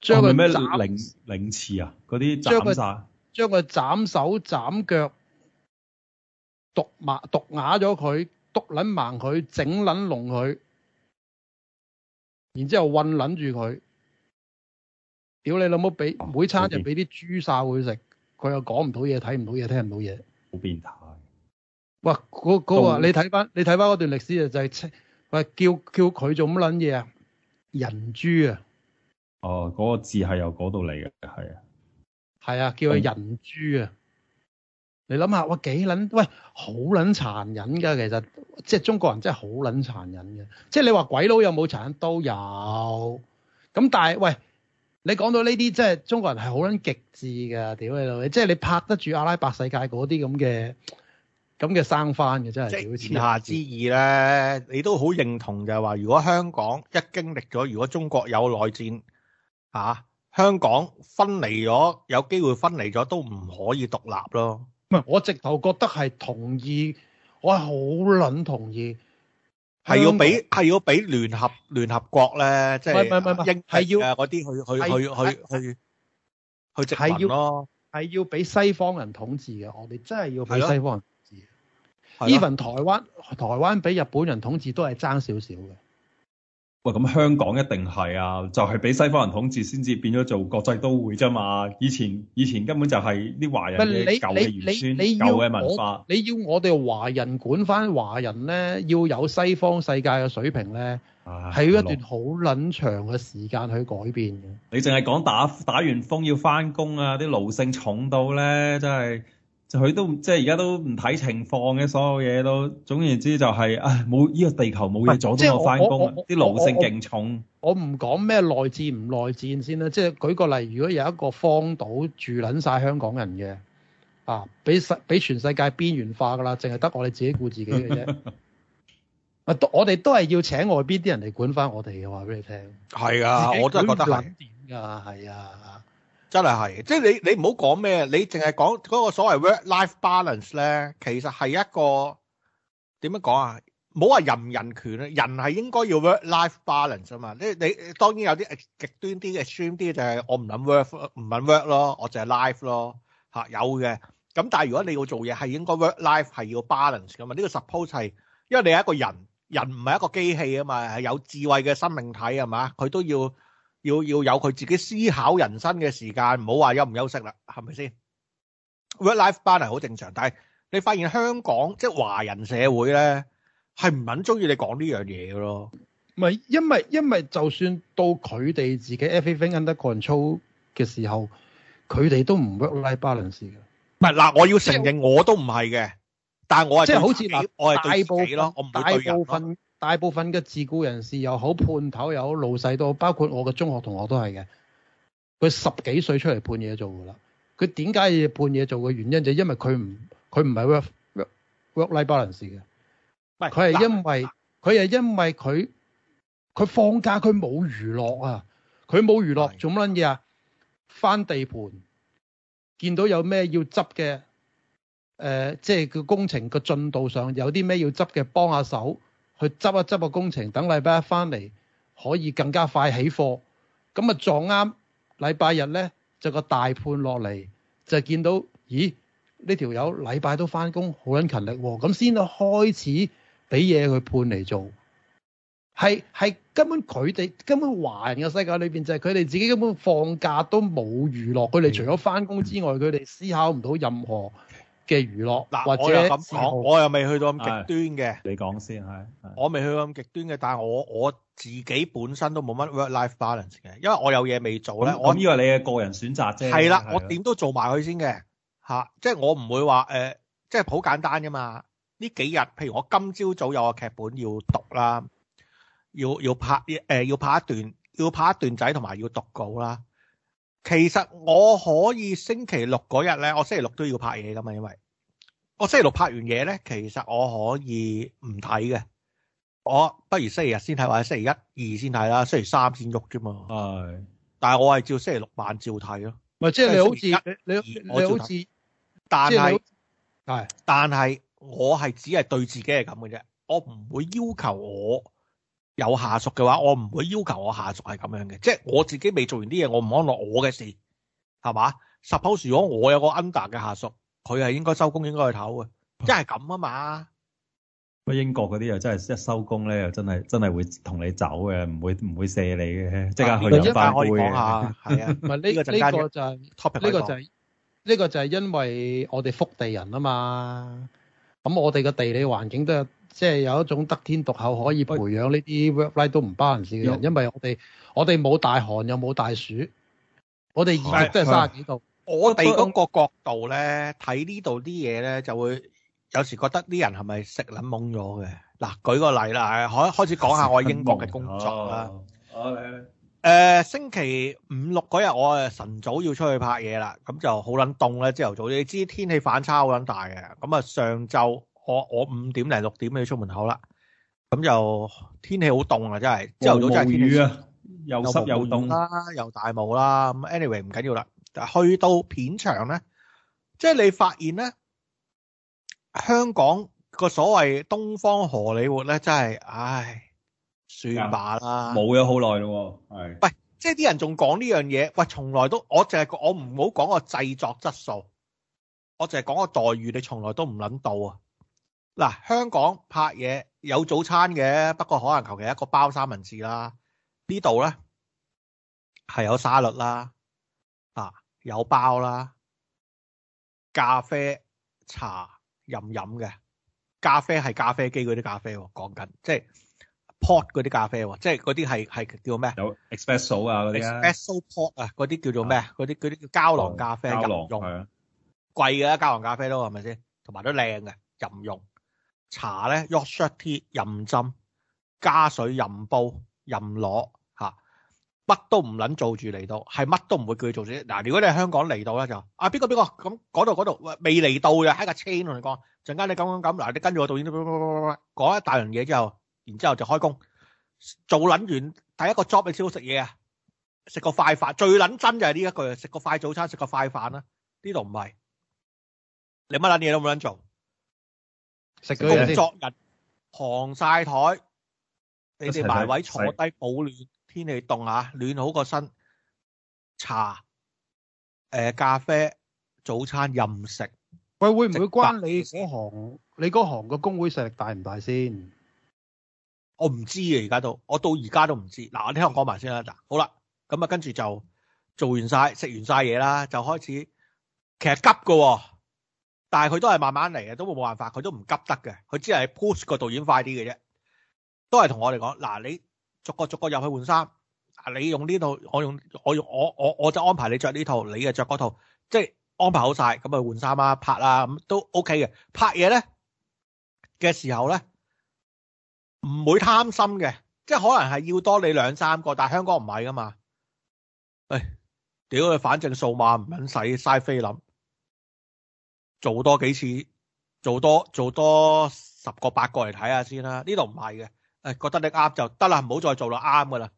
係咪咩凌凌遲啊？嗰啲斬殺，將佢斬手斬腳。毒麻毒，啞咗佢，毒捻盲佢，整捻聾佢，然之後困捻住佢，屌你老母！俾每餐就俾啲豬潲佢食，佢又講唔到嘢，睇唔到嘢，聽唔到嘢，好變態！哇！嗰、嗰個你睇翻你睇翻嗰段歷史就就係、係，喂叫叫佢做乜捻嘢啊？人豬啊！哦，嗰、嗰個字係由嗰度嚟嘅，係啊，係啊，叫佢人豬啊！你諗下，哇幾撚？喂，好撚殘忍㗎！其實，即係中國人真係好撚殘忍嘅。即係你話鬼佬有冇殘忍都有。咁但係，喂，你講到呢啲，即係中國人係好撚極致㗎。屌你老味，即係你拍得住阿拉伯世界嗰啲咁嘅咁嘅生番嘅，真係。即言下之意咧，你都好認同就係話，如果香港一經歷咗，如果中國有內戰嚇、啊，香港分離咗，有機會分離咗都唔可以獨立咯。唔係，我直頭覺得係同意，我係好撚同意，係要俾係要俾聯合聯合國咧，即係係要啊啲去去去去去去去殖民咯，係要俾西方人統治嘅，我哋真係要俾西方人統治的、啊啊。Even 台灣台灣俾日本人統治都係爭少少嘅。喂、哎，咁香港一定係啊，就係、是、俾西方人統治先至變咗做國際都會啫嘛。以前以前根本就係啲華人的舊的你你嘅元素、舊嘅文化。你要我哋華人管翻華人咧，要有西方世界嘅水平咧，係、啊、要一段好撚長嘅時間去改變嘅。你淨係講打打完風要翻工啊，啲奴性重到咧，真係。就佢都即係而家都唔睇情況嘅，所有嘢都總言之就係，啊，冇呢個地球，冇嘢阻住我翻工，啲勞性勁重。我唔講咩內戰唔內戰先啦，即係舉個例，如果有一個荒島住撚晒香港人嘅啊，俾世俾全世界邊緣化㗎啦，淨係得我哋自己顧自己嘅啫。啊， <laughs> 我哋都係要請外邊啲人嚟管翻我哋嘅話俾你聽。係啊，我都係覺得係。點㗎？係啊。真係係，即係你你唔好講咩，你淨係講嗰個所謂 work-life balance 咧，其實係一個點樣講啊？冇話人唔人權咧，人係應該要 work-life balance 啊嘛。你你當然有啲極端啲嘅 extreme 啲，就係我唔諗 work 唔諗 work 咯，我淨係 life 咯吓，有嘅。咁但係如果你要做嘢，係應該 work-life 係要 balance 噶嘛？呢個 suppose 係，因為你係一個人，人唔係一個機器啊嘛，係有智慧嘅生命體係嘛，佢都要。要要有佢自己思考人生嘅時間，唔好話休唔休息啦，係咪先？Work-life balance 好正常，但係你發現香港即係華人社會咧，係唔肯中意你講呢樣嘢嘅咯。唔係，因為因為就算到佢哋自己 everything under control 嘅時候，佢哋都唔 work-life balance 嘅。唔係嗱，我要承認我都唔係嘅，但係我係即係好似我係對住自己咯，我唔會對人咯。大部分嘅自僱人士又好判頭又好老細都，包括我嘅中學同學都係嘅。佢十幾歲出嚟判嘢做噶啦。佢點解要判嘢做嘅原因就係因為佢唔佢唔係 work work life balance 嘅，佢係因為佢係因為佢佢放假佢冇娛樂啊，佢冇娛樂做乜撚嘢啊？翻地盤見到有咩要執嘅，誒、呃，即係個工程個進度上有啲咩要執嘅，幫下手。去執一執個工程，等禮拜一翻嚟可以更加快起貨咁啊，撞啱禮拜日呢，就個大判落嚟就見到，咦，呢條友禮拜都翻工，好撚勤力喎，咁先都開始俾嘢佢判嚟做。係係根本佢哋根本華人嘅世界裏邊，就係佢哋自己根本放假都冇娛樂，佢哋除咗翻工之外，佢哋思考唔到任何。嘅娛樂嗱，或者，我又咁講，我又未去到咁極端嘅。你講先係，我未去到咁極端嘅，但係我我自己本身都冇乜 work-life balance 嘅，因為我有嘢未做咧。我呢個係你嘅個人選擇啫。係啦，我點都做埋佢先嘅嚇，即係我唔會話誒，即係好簡單啫嘛。呢幾日，譬如我今朝早，早有個劇本要讀啦，要要拍、呃、要拍一段，要拍一段仔，同埋要讀稿啦。其實我可以星期六嗰日咧，我星期六都要拍嘢噶嘛，因為我星期六拍完嘢咧，其實我可以唔睇嘅，我不如星期日先睇或者星期一二先睇啦，星期三先喐啫嘛。係，但係我係照星期六晚照睇咯。咪即係你好似你你你好似，但係係，但係我係只係對自己係咁嘅啫，我唔會要求我。有下屬嘅話，我唔會要求我下屬係咁樣嘅，即係我自己未做完啲嘢，我唔好攞我嘅事，係嘛？Suppose 如果我有個 under 嘅下屬，佢係應該收工應該去唞嘅，即係咁啊嘛。不過英國嗰啲又真係一收工咧，又真係真係會同你走嘅，唔會唔會卸你嘅，即刻去上班開會下，係 <laughs> 啊，唔係呢呢個就係 topic，呢個就係、係、呢、呢個就係因為我哋福地人啊嘛，咁、這個、我哋嘅地，地理環境都有。即係有一種得天獨厚，可以培養呢啲 work life、right、都唔 balance 嘅人，因為我哋我哋冇大寒又冇大暑，我哋二即係卅幾度。我哋嗰個角度咧睇呢度啲嘢咧，就會有時覺得啲人係咪食撚懵咗嘅？嗱，舉個例啦，開開始講下我喺英國嘅工作啦。誒、啊啊啊呃、星期五六嗰日，我誒晨早要出去拍嘢啦，咁就好撚凍咧。朝頭早你知天氣反差好撚大嘅，咁啊上晝。我我五點零六點要出門口啦，咁就天氣好凍啊，真係朝頭早真係天雨啊，又濕又凍啦，又大霧啦。咁 anyway 唔緊要啦，但去到片場咧，即係你發現咧，香港個所謂東方荷里活咧，真係唉，算罷啦，冇咗好耐咯，係喂，即係啲人仲講呢樣嘢，喂，從來都我淨係我唔好講個製作質素，我淨係講個待遇，你從來都唔諗到啊！嗱，香港拍嘢有早餐嘅，不過可能求其一個包三文治啦。呢度咧係有沙律啦，啊有包啦，咖啡茶任飲嘅。咖啡係咖啡機嗰啲咖啡，喔，講緊即係 pot 嗰啲咖啡，喔，即係嗰啲係叫做咩？有 expresso 啊嗰啲 expresso pot 啊嗰啲、啊、叫做咩？嗰啲啲叫膠囊咖啡，嗯、用膠囊係啊，貴嘅膠囊咖啡咯，係咪先？同埋都靚嘅任用。茶咧，shorty 任斟，加水任煲，任攞嚇，乜都唔撚做住。嚟到，係乜都唔會叫佢做住。嗱，如果你係香港嚟到咧，就啊邊個邊個咁，嗰度嗰度未嚟到就喺架車同你講，陣間你咁咁咁。嗱，你跟住我導演，講一大樣嘢之後，然之後就開工做撚完第一個 job 你先好食嘢啊，食個快飯最撚真就係呢一句，食個快早餐，食個快飯啦。呢度唔係你乜撚嘢都冇撚做。食咗嘢先。工作日行晒枱，你哋埋位坐低保暖，天氣凍啊，暖好個身。茶，誒、呃，咖啡，早餐任食。喂，會唔會關你嗰行？你嗰行嘅工會勢力大唔大先？我唔知啊，而家都，我到而家都唔知。嗱，我聽我講埋先啦。嗱，好啦，咁啊，跟住就做完晒，食完晒嘢啦，就開始，其實急噶、哦。但係佢都係慢慢嚟嘅，都冇冇辦法，佢都唔急得嘅。佢只係 push 個導演快啲嘅啫，都係同我哋講嗱，你逐個逐個入去換衫，你用呢套，我用我用我我我就安排你着呢套，你就着嗰套，即係安排好晒咁啊換衫啊拍啦咁都 OK 嘅。拍嘢咧嘅時候咧唔會貪心嘅，即係可能係要多你兩三個，但係香港唔係噶嘛。哎，屌佢，反正數碼唔肯使，嘥菲林。做多幾次，做多做多十個八個嚟睇下先啦。呢度唔係嘅，誒、哎，覺得你啱就得啦，唔好再做啦，啱噶啦，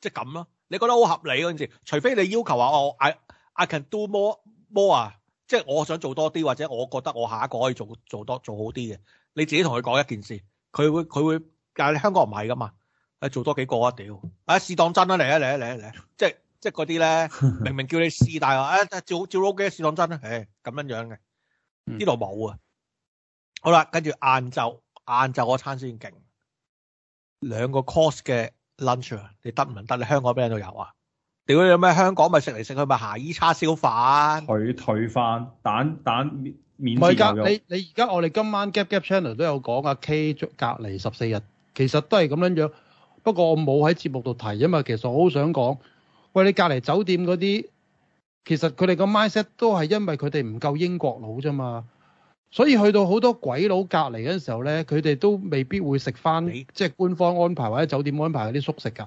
即係咁咯。你覺得好合理嗰件事，除非你要求話我，i i can do more more 啊，即係我想做多啲，或者我覺得我下一個可以做做多做好啲嘅。你自己同佢講一件事，佢會佢會，但係香港唔係噶嘛，誒，做多幾個啊？屌，啊，試當真啦、啊，嚟啊嚟啊嚟嚟、啊啊，即係即係嗰啲咧，明明叫你試，但係誒照照多幾個試當真啦、啊，誒、哎、咁樣樣嘅。呢度冇啊！好啦，跟住晏晝晏晝嗰餐先勁，兩個 course 嘅 lunch 啊，你得唔得？你香港人都有啊？屌你咩？香港咪食嚟食去咪下衣叉燒飯？佢退翻蛋蛋免不免唔係，而家你你而家我哋今晚 gap gap channel 都有講啊，K 隔離十四日，其實都係咁樣樣，不過我冇喺節目度提啊嘛。其實我好想講，喂，你隔離酒店嗰啲。其實佢哋個 mindset 都係因為佢哋唔夠英國佬啫嘛，所以去到好多鬼佬隔離嗰陣時候咧，佢哋都未必會食翻即係官方安排或者酒店安排嗰啲宿食噶，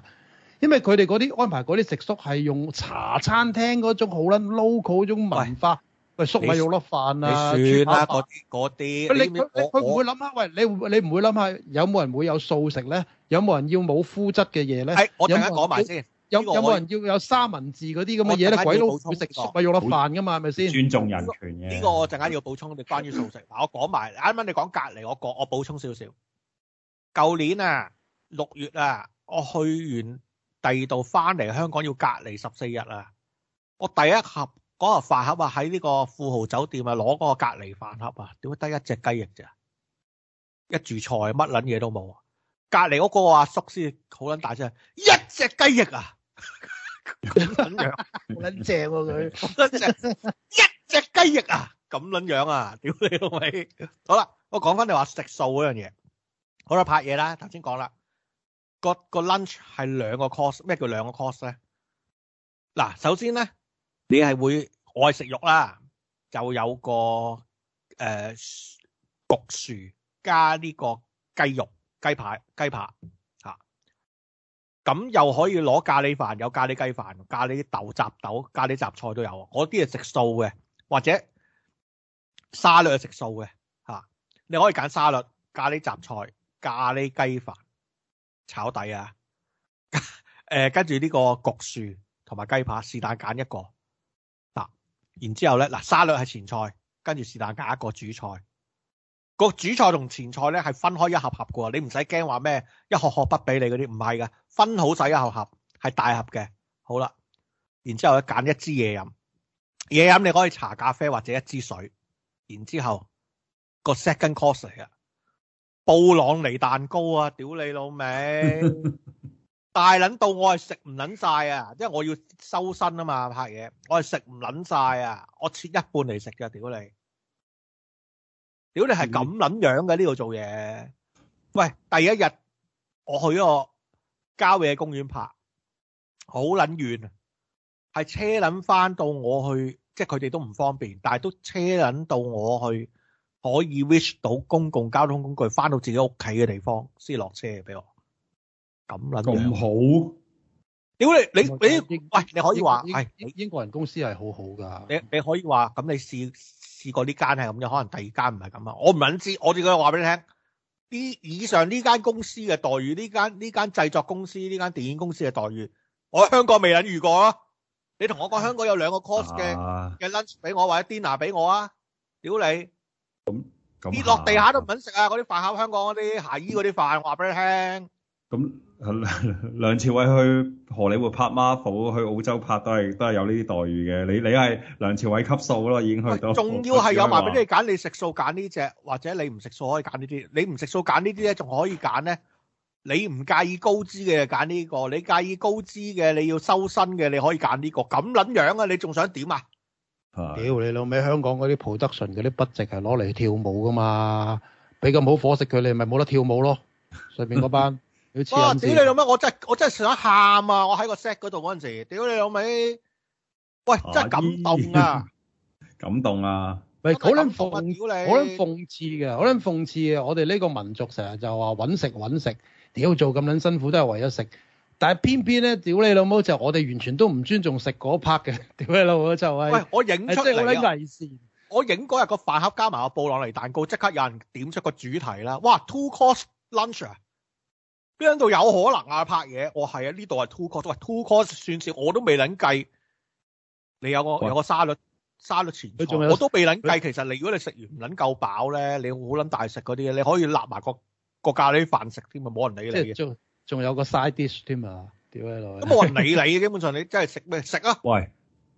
因為佢哋嗰啲安排嗰啲食宿係用茶餐廳嗰種好撚 local 嗰種文化。喂，粟米肉粒飯啊，你算啦嗰啲嗰啲，佢佢唔會諗下，喂，你你唔會諗下有冇人會有素食咧？有冇人要冇膚質嘅嘢咧？我一下陣間講埋先。這個、有有冇人要有三文治嗰啲咁嘅嘢咧？鬼佬佢食粟米肉粒飯噶嘛？係咪先？尊重人權嘅。呢個陣間要補充，我哋、這個這個、關於素食。嗱、這個， <laughs> 我講埋啱啱你講隔離，我講我補充少少。舊年啊，六月啊，我去完第二度翻嚟香港要隔離十四日啊。我第一盒嗰個飯盒啊，喺呢個富豪酒店啊，攞嗰個隔離飯盒啊，點解得一隻雞翼咋、啊？一住菜，乜撚嘢都冇啊！隔離嗰個阿、啊、叔先好撚大聲，一隻雞翼啊！撚 <laughs> 這樣，好撚正喎佢， <laughs> 棒啊、 <laughs> 一隻雞翼啊，咁撚樣啊，屌你老味！好啦，我講翻你話食素嗰樣嘢，好啦，拍嘢啦，頭先講啦，個個 lunch 係兩個 course，咩叫兩個 course 咧嗱，首先咧，你係會愛食肉啦，就有個誒、呃、焗薯加呢個雞肉雞排雞排。雞排咁又可以攞咖喱飯，有咖喱雞飯、咖喱豆雜豆、咖喱雜菜都有啊。我啲係食素嘅，或者沙律係食素嘅吓、啊，你可以揀沙律、咖喱雜菜、咖喱雞飯炒底啊。誒、啊，跟住呢個焗薯同埋雞扒，是但揀一個嗱、啊，然之後咧嗱、啊、沙律係前菜，跟住是但揀一個主菜。個主菜同前菜咧係分開一盒盒噶，你唔使驚話咩一盒盒不俾你嗰啲，唔係噶，分好晒一盒盒，係大盒嘅。好啦，然之後咧揀一支嘢飲，嘢飲你可以茶咖啡或者一支水。然之後個 second course 嚟噶，布朗尼蛋糕啊，屌你老味， <laughs> 大捻到我係食唔捻晒啊，因為我要收身啊嘛，拍嘢。我係食唔捻晒啊，我切一半嚟食嘅，屌你！屌你係咁捻樣嘅呢度做嘢？喂，第一日我去一個郊野公園拍，好捻遠啊！係車捻翻到我去，即係佢哋都唔方便，但係都車捻到我去可以 reach 到公共交通工具，翻到自己屋企嘅地方先落車俾我。咁捻，咁好？屌你你你，你喂，你可以話係英、英、英、英、英國人公司係好好㗎。你你可以話咁你試。試過呢間係咁樣，可能第二間唔係咁啊！我唔撚知，我自己以話俾你聽，啲以上呢間公司嘅待遇，呢間呢間製作公司，呢間電影公司嘅待遇，我喺香港未撚遇過啊！你同我講香港有兩個 course 嘅嘅 lunch 俾我或者 dinner 俾我啊！屌你！咁跌落地下都唔撚食啊！嗰啲飯盒，香港嗰啲鞋衣嗰啲飯，話俾你聽。嗯梁，梁朝偉去荷里活拍 Marvel 去澳洲拍，都係都係有呢啲待遇嘅。你你係梁朝偉級數啦，已經去到。仲、啊、要係有埋俾你揀，你食素揀呢隻，或者你唔食素可以揀呢啲。你唔食素揀呢啲咧，仲可以揀咧。你唔介意高脂嘅揀呢個，你介意高脂嘅你要修身嘅，你可以揀呢、這個。咁撚樣，樣啊！你仲想點啊？屌你老味！香港嗰啲 production 嗰啲 budget 係攞嚟跳舞噶嘛，俾咁好伙食佢哋，咪冇得跳舞咯。上邊嗰班。 <laughs> 哇！屌你老母！我真係我真係想喊啊！我喺個 set 嗰度嗰陣時，屌你老味！喂，真係感動啊、哎！感動啊！喂、啊，好捻諷你，好捻諷刺嘅，好捻諷刺嘅、那個。我哋呢個民族成日就話揾食揾食，屌做咁捻辛苦都係為咗食。但係偏偏咧，屌你老母就我哋完全都唔尊重食嗰 part 嘅，屌你老母就係、是。喂，我影出嚟啊！即、就、係、是、我影嗰日個飯盒加埋個布朗尼蛋糕，即刻有人點出個主題啦！哇，two course lunch 啊！邊度有可能啊？拍嘢我係啊，呢度係 two course 喂，two course 算少我都未撚計。你有個有個沙律沙律前菜我都未撚計。其實你如果你食完唔撚夠飽咧，你好撚大食嗰啲嘢，你可以立埋個個咖喱飯食添啊，冇人理你嘅。仲仲有個 side dish 添啊，點喺度？都冇人理你嘅， <laughs> 基本上你真係食咩食啊？喂，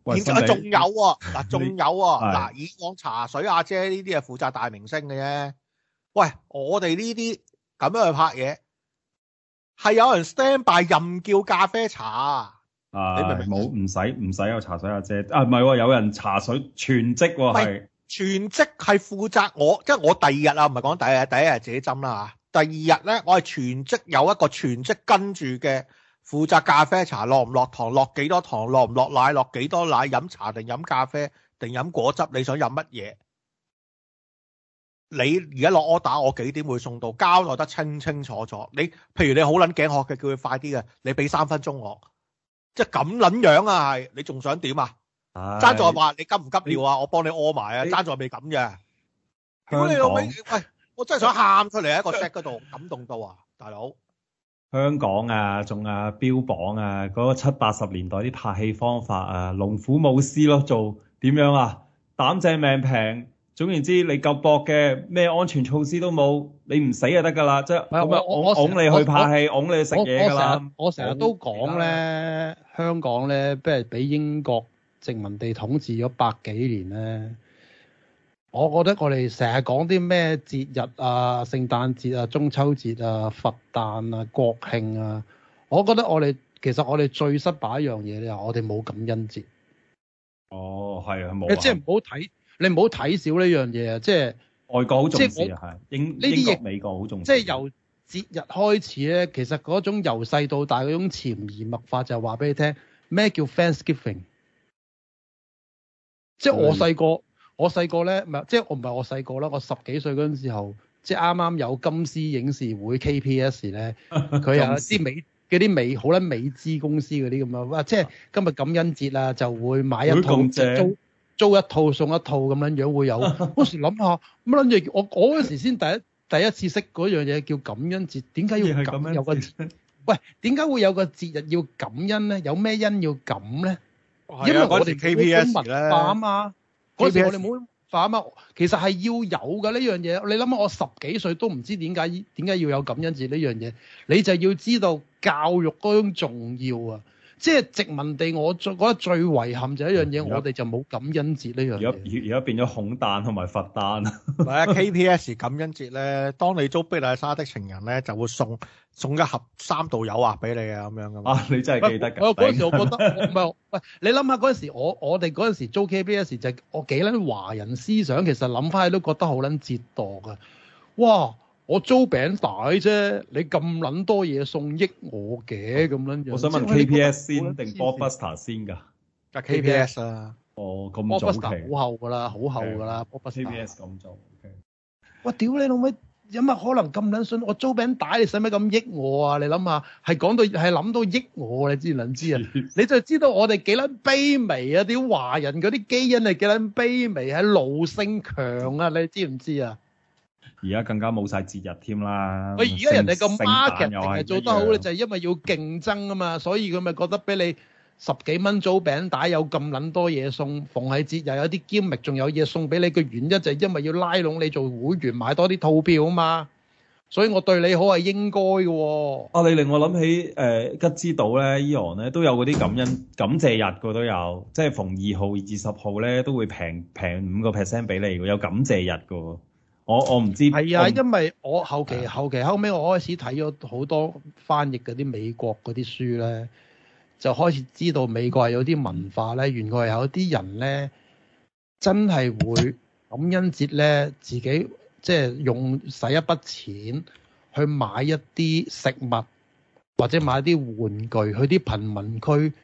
而家仲有啊，嗱仲有啊，嗱以往茶水阿、啊、姐呢啲係負責大明星嘅啫、啊。喂，我哋呢啲咁樣去拍嘢。係有人 stand by 任叫咖啡茶啊！啊，你明唔明？冇唔使唔使有茶水阿、啊、姐啊，唔係、啊、有人茶水全職喎、啊，係全職係負責我即係、就是、我第二日啊，唔係講第一日，第一日自己斟啦吓。第二日咧，我係全職有一個全職跟住嘅負責咖啡茶落唔落糖，落幾多糖，落唔落奶，落幾多奶，飲茶定飲咖啡定飲果汁，你想飲乜嘢？你而家落 order，我幾點會送到？交代得清清楚楚。你譬如你好撚頸渴嘅，叫佢快啲嘅，你俾三分鐘我。即係咁撚樣啊，係你仲想點、哎、啊？揸住話你急唔急尿啊？我幫你屙埋啊！揸住未咁嘅。香港你喂，我真係想喊出嚟喺 <laughs> 一個 set 嗰度，感動到啊，大佬！香港啊，仲啊標榜啊嗰、嗰個七八十年代啲拍戲方法啊，龍虎武師咯，做點樣啊？膽正命平。總言之你救國的，你夠搏嘅，咩安全措施都冇，你唔死就得噶啦，即係我啊，我㧬你去拍戲，㧬你去食嘢噶啦。我成日都講咧、嗯，香港咧，不如俾英國殖民地統治咗百幾年咧。我覺得我哋成日講啲咩節日啊，聖誕節啊，中秋節啊，佛誕啊，國慶啊，我覺得我哋其實我哋最失敗一樣嘢咧，我哋冇感恩節。哦，係啊，冇。即係唔好睇。你唔好睇少呢樣嘢啊！即係外國好重視啊，係英英國、美國好重視。即係由節日開始咧，其實嗰種由細到大嗰種潛移默化就，就係話俾你聽咩叫 Thanksgiving 即係我細個、嗯，我細個咧，唔係即係我唔係我細個啦，我十幾歲嗰陣時候，即係啱啱有金獅影視會 KPS 咧，佢 <laughs> 有啲美嗰啲美好似美資公司嗰啲咁樣，即係今日感恩節啊，就會買一套租一套送一套咁樣樣會有，嗰 <laughs> 時諗下，咁樣嘢我我嗰時先第一第一次識嗰樣嘢叫感恩節，點解要感恩樣有個 <laughs> 喂，點解會有個節日要感恩咧？有咩因要感咧？因為我哋冇文化啊時時嘛，嗰時我哋冇反啊，其實係要有嘅呢樣嘢。你諗下，我十幾歲都唔知點解點解要有感恩節呢樣嘢，你就要知道教育嗰種重要啊！即係殖民地，我最覺得最遺憾就一樣嘢，我哋就冇感， <laughs> 感恩節呢樣嘢。而家變變咗恐誕同埋佛誕啊！K P S 感恩節咧，當你租《碧麗莎的情人》咧，就會送送一盒三道油啊俾你嘅咁樣啊！你真係記得㗎？我、哎、嗰、呃呃呃、時我覺得，唔、呃、喂、呃，你諗下嗰時時， <laughs> 我我哋嗰時時租 K P S 就係、我幾撚華人思想，其實諗翻去都覺得好撚折墮㗎。哇！我租餅帶啫，你咁撚多嘢送益我嘅咁、嗯、樣我想問 KPS 先定 Blockbuster u 先噶？架 KPS 啊。哦，oh，咁，okay。早期 Blockbuster 好厚噶啦，好厚噶啦。b o KPS 咁就 OK。我屌你老味，有乜可能咁撚信？我租餅帶，你使咩咁益我啊？你諗下，係講到係諗到益我，你知唔知啊？你就知道我哋幾撚卑微啊！屌華人嗰啲基因係幾撚卑微，係奴性強啊！你知唔知啊？而家更加冇晒節日添啦。喂，而家人哋咁 market 係做得好咧，就係因為要競爭啊嘛，所以佢咪覺得俾你十幾蚊租餅帶有咁撚多嘢送。逢係節日，有啲兼物，仲有嘢送俾你。個原因就係因為要拉攏你做會員買多啲套票啊嘛。所以我對你好係應該嘅、哦。阿，你令我諗起誒、呃、吉之島咧，依行咧都有嗰啲感恩感謝日嘅都有，即係逢二號二十號咧都會平平五個 percent 俾你有感謝日嘅。我我唔知，係啊，因為我後期後期後尾我開始睇咗好多翻譯嗰啲美國嗰啲書咧，就開始知道美國係有啲文化咧，原來係有啲人咧真係會感恩節咧，自己即係、就是、用使一筆錢去買一啲食物或者買啲玩具去啲貧民區。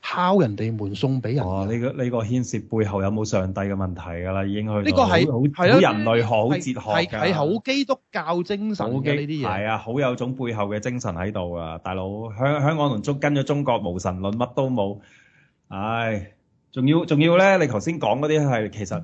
靠人哋門送俾人。呢、哦這個呢、這個牽涉背後有冇上帝嘅問題㗎啦，已經去到。呢、這個係好人類好哲學嘅，係好基督教精神嘅呢啲嘢。係啊，好有種背後嘅精神喺度啊，大佬香香港同中跟咗中國無神論，乜都冇。唉，仲要仲要咧，你頭先講嗰啲係其實。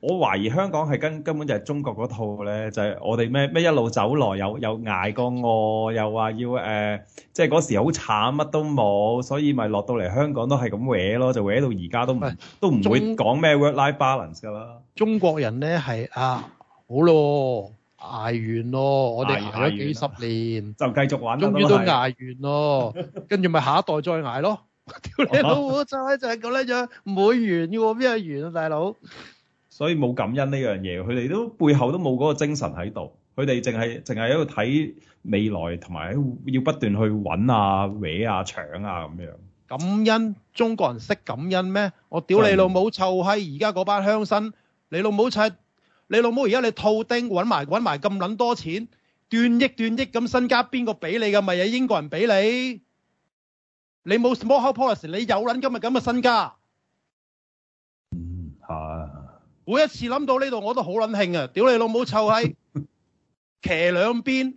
我懷疑香港係根根本就係中國嗰套咧，就係、是、我哋咩咩一路走來，有有挨過餓，又話要誒，即係嗰時好慘，乜都冇，所以咪落到嚟香港都係咁搲咯，就搲到而家都唔都唔會講咩 work-life balance 噶啦。中國人咧係啊，好咯，挨完咯，我哋挨咗幾十年，啊，就繼續玩都係，終於都挨完咯，跟住咪下一代再挨咯。屌 <laughs> <laughs> 你老母，就係就係咁呢，樣，唔會完要喎，邊有完啊，大佬？所以冇感恩呢樣嘢，佢哋都背後都冇嗰個精神喺度，佢哋淨係淨係喺度睇未來同埋要不斷去揾啊、搲啊、搶啊咁樣。感恩，中國人識感恩咩？我屌你老母臭閪！而家嗰班鄉紳，你老母柒，你老母而家你套丁揾埋揾埋咁撚多錢，斷億斷億咁身，身家，邊個俾你嘅？咪係英國人俾你。你冇 small house policy，你有撚今日咁嘅身家。每一次諗到呢度，我都好撚興啊！屌你老母臭閪 <laughs> 騎兩邊，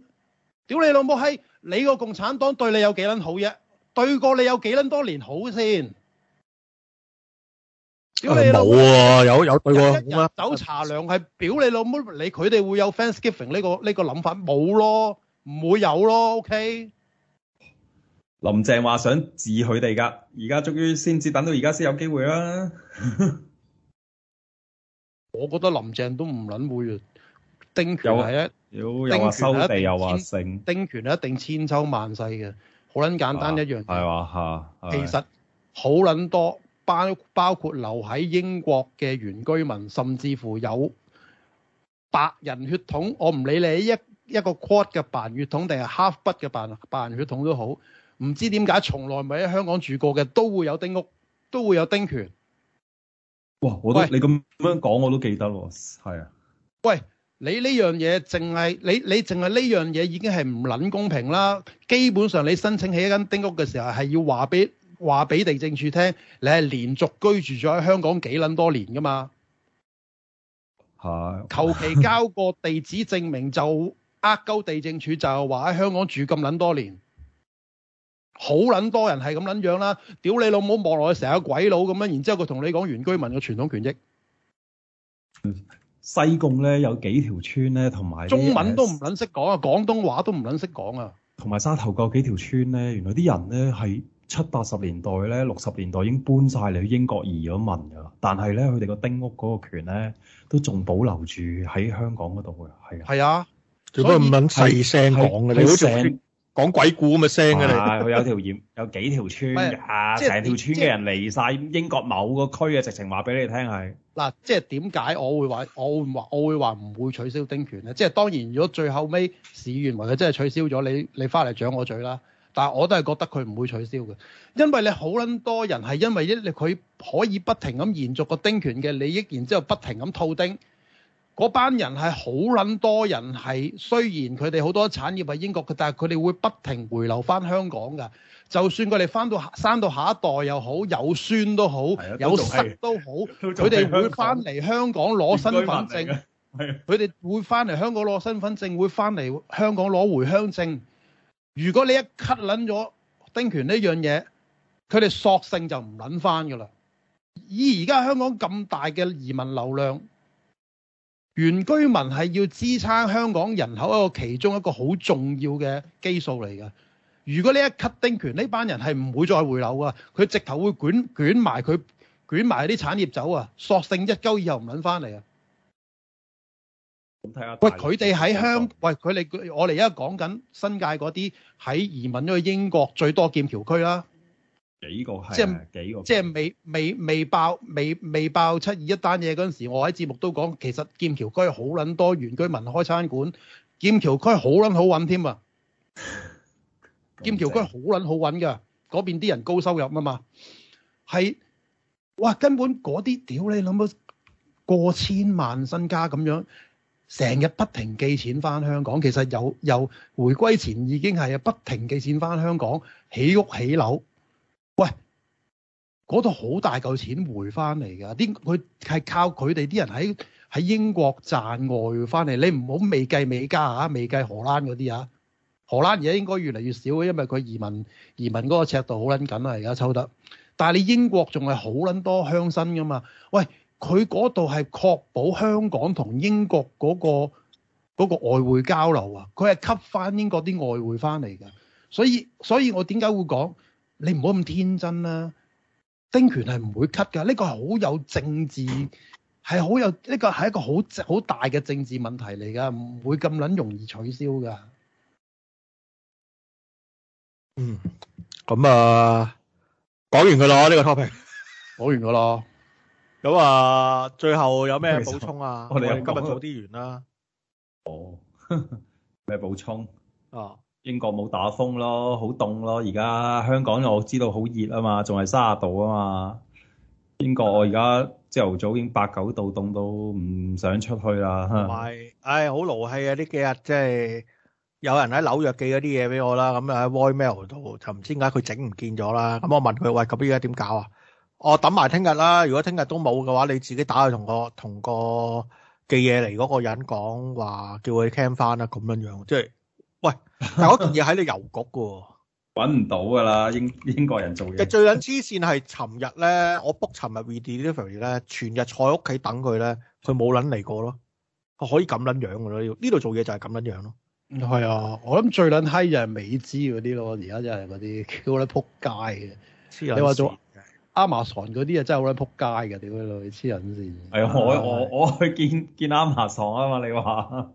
屌你老母閪！你個共產黨對你有幾撚好嘢？對過你有幾撚多年好先？啊、屌你老母！冇喎，有有對過。一走茶兩係屌你老母，你佢哋會有 Thanksgiving 呢個呢、呢個諗法冇咯，唔會有咯。OK，林鄭話想治佢哋噶，而家終於先至等到而家先有機會啦。 <laughs> 我覺得林鄭都唔捻會，丁權係咧，丁權咧一定，丁權一定千,千秋萬世嘅，好捻簡單一樣係吓、啊啊其實好捻多，包包括留喺英國嘅原居民，甚至乎有白人血統，我唔理你一一個 quarter 嘅白人血統，定係 half 不嘅白白人血統都好，唔知點解從來未喺香港住過嘅，都會有丁屋，都會有丁權。哇！我都你咁樣講，我都記得咯，係啊，喂，你呢樣嘢淨係你你淨係呢樣嘢已經係唔捻公平啦。基本上你申請起一間丁屋嘅時候，係要話俾話俾地政署聽，你係連續居住咗喺香港幾捻多年噶嘛。係、啊，求其交個地址證明 <laughs> 就呃鳩地政署就話喺香港住咁捻多年。好撚多人係咁撚樣啦，屌你老母，望落去成個鬼佬咁樣，然之後佢同你講原居民嘅傳統權益。西貢咧有幾條村咧，同埋中文都唔撚識講啊，廣東話都唔撚識講啊。同埋沙頭角幾條村咧，原來啲人咧係七八十年代咧、六十年代已經搬晒嚟英國移咗民噶啦，但係咧佢哋個丁屋嗰個權咧都仲保留住喺香港嗰度嘅，係啊。係啊，做乜咁撚細聲講嘅？你嗰條講鬼故咁嘅聲你啊。佢有條村， <laughs> 有幾條村嘅啊，成條村嘅人嚟晒英國某個區嘅，直情話俾你聽係嗱。即係點解我會話，我會話，我會話唔會取消丁權咧？即係當然，如果最後尾市議員話佢真係取消咗，你你翻嚟掌我嘴啦！但係我都係覺得佢唔會取消嘅，因為你好捻多人係因為一，佢可以不停咁延續個丁權嘅利益，你然之後不停咁套丁。嗰班人係好撚多人係，雖然佢哋好多產業係英國嘅，但係佢哋會不停回流翻香港嘅。就算佢哋翻到生到下一代又好，有孫都好，有媳都好，佢哋會翻嚟香港攞身份證。係，佢哋會翻嚟香港攞身份證，會翻嚟香港攞回鄉證。如果你一 cut 撚咗丁權呢樣嘢，佢哋索性就唔撚翻㗎啦。以而家香港咁大嘅移民流量。原居民係要支撐香港人口一個其中一個好重要嘅基數嚟嘅。如果呢一 cut 丁權呢班人係唔會再回流啊，佢直頭會捲捲埋佢捲埋啲產業走啊，索性一勾以後唔揾翻嚟啊。睇下喂，佢哋喺香喂，佢哋我哋而家講緊新界嗰啲喺移民咗去英國最多劍橋區啦。幾個係，即係幾個，即係未未未爆未未爆七二一單嘢嗰陣時，我喺節目都講，其實劍橋區好撚多原居民開餐館，劍橋區好撚好搵添啊！劍橋區好撚好搵嘅，嗰邊啲人高收入啊嘛，係哇，根本嗰啲屌你諗到過過千萬身家咁樣，成日不停寄錢翻香港，其實有，又回歸前已經係不停寄錢翻香港，起屋起樓。喂，嗰度好大嚿錢回翻嚟噶，啲佢係靠佢哋啲人喺喺英國賺外匯翻嚟。你唔好未計美加啊，未計荷蘭嗰啲啊。荷蘭而家應該越嚟越少，因為佢移民移民嗰個尺度好撚緊啦、啊。而家抽得，但係你英國仲係好撚多鄉紳噶嘛？喂，佢嗰度係確保香港同英國嗰、嗰個嗰個外匯交流啊。佢係吸翻英國啲外匯翻嚟㗎。所以所以我點解會講？你唔好咁天真啦、啊，丁權係唔會 cut 㗎。呢、呢個係好有政治，係好有呢、呢個係一個好好大嘅政治問題嚟㗎，唔會咁撚容易取消㗎。嗯，咁、嗯、啊、嗯，講完佢咯，呢個 topic，講完佢咯。咁、嗯、啊，最後有咩補充啊？我哋今日早啲完啦。哦，咩補充？啊。英國冇打風咯，好凍咯。而家香港我知道好熱啊嘛，仲係卅度啊嘛。英國我而家朝頭早已經八九度，凍到唔想出去啦。唔係，唉、哎，好勞氣啊！呢幾日即係有人喺紐約寄嗰啲嘢俾我啦，咁喺 Y m a i l 度就唔知點解佢整唔見咗啦。咁我問佢喂，咁而家點搞啊？我、哦、等埋聽日啦。如果聽日都冇嘅話，你自己打去同個同個寄嘢嚟嗰個人講話，叫佢聽翻啦。咁樣樣即係。就是喂，但係件嘢喺你郵局噶、哦，搵唔到噶啦，英英國人做嘢。最捻黐線係，尋日咧我 book 尋日 delivery 咧，全日坐喺屋企等佢咧，佢冇捻嚟過咯。佢可以咁捻樣噶咯，呢度做嘢就係咁捻樣咯。係、嗯、啊，我諗最捻閪就係美知嗰啲咯，而家真係嗰啲好鬼扑街嘅。黐人，你話做 Amazon 嗰啲、哎、啊，真係好鬼扑街嘅，點樣咯？黐人先。係我我我去見見 Amazon 啊嘛，你話？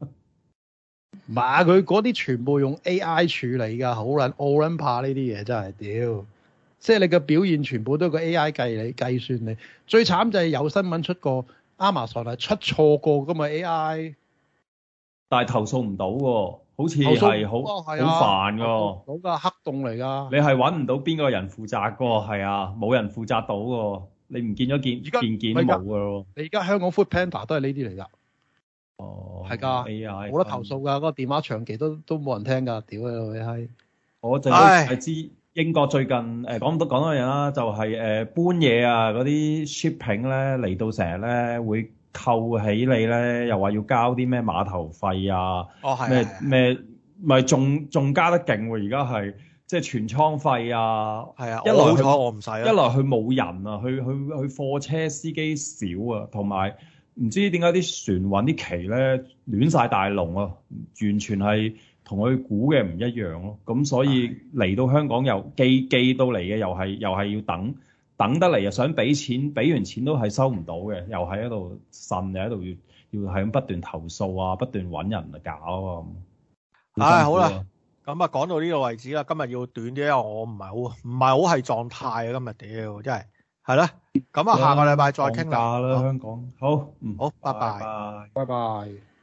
唔係啊，佢嗰啲全部用 A.I. 處理㗎，好撚，好撚怕呢啲嘢，真係屌！即係你嘅表現全部都係個 A.I. 計你、計算你。最慘就係有新聞出過，Amazon 係出錯過㗎嘛 A.I.，但係投訴唔到喎，好似係好好煩㗎，好㗎、啊，嗰個黑洞嚟㗎。你係揾唔到邊個人負責㗎，係啊，冇人負責到㗎。你唔見咗件件件都冇㗎咯。你而家香港 Food Panda 都係呢啲嚟㗎。哦，係噶，係呀，冇得投訴噶，嗰、嗯嗰個電話長期都都冇人聽噶，屌你老閪！我淨係知英國最近誒，講多講多嘢啦，就係、係、誒、呃、搬嘢啊，嗰啲 shipping 咧嚟到成日咧會扣起你咧，又話要交啲咩碼頭費啊，哦係咩咩咪仲仲加得勁喎，而家係即係全倉費啊，係啊，我冇錯，我唔使，一來佢冇人啊，去去去貨車司機少啊，同埋。唔知點解啲船運啲旗咧亂晒大龍喎，啊，完全係同佢估嘅唔一樣咯，啊。咁所以嚟到香港又寄寄到嚟嘅，又係又係要等，等得嚟又想俾錢，俾完錢都係收唔到嘅，又喺度呻，又喺度要要係咁不斷投訴啊，不斷揾人嚟搞啊。唉、啊啊，好啦，咁啊講到呢度為止啦，今日要短啲，因為我唔係好唔係好係狀態啊，今日屌真係。係啦，咁啊，下個禮拜再傾啦。好，香港，好，拜拜，拜拜。拜拜。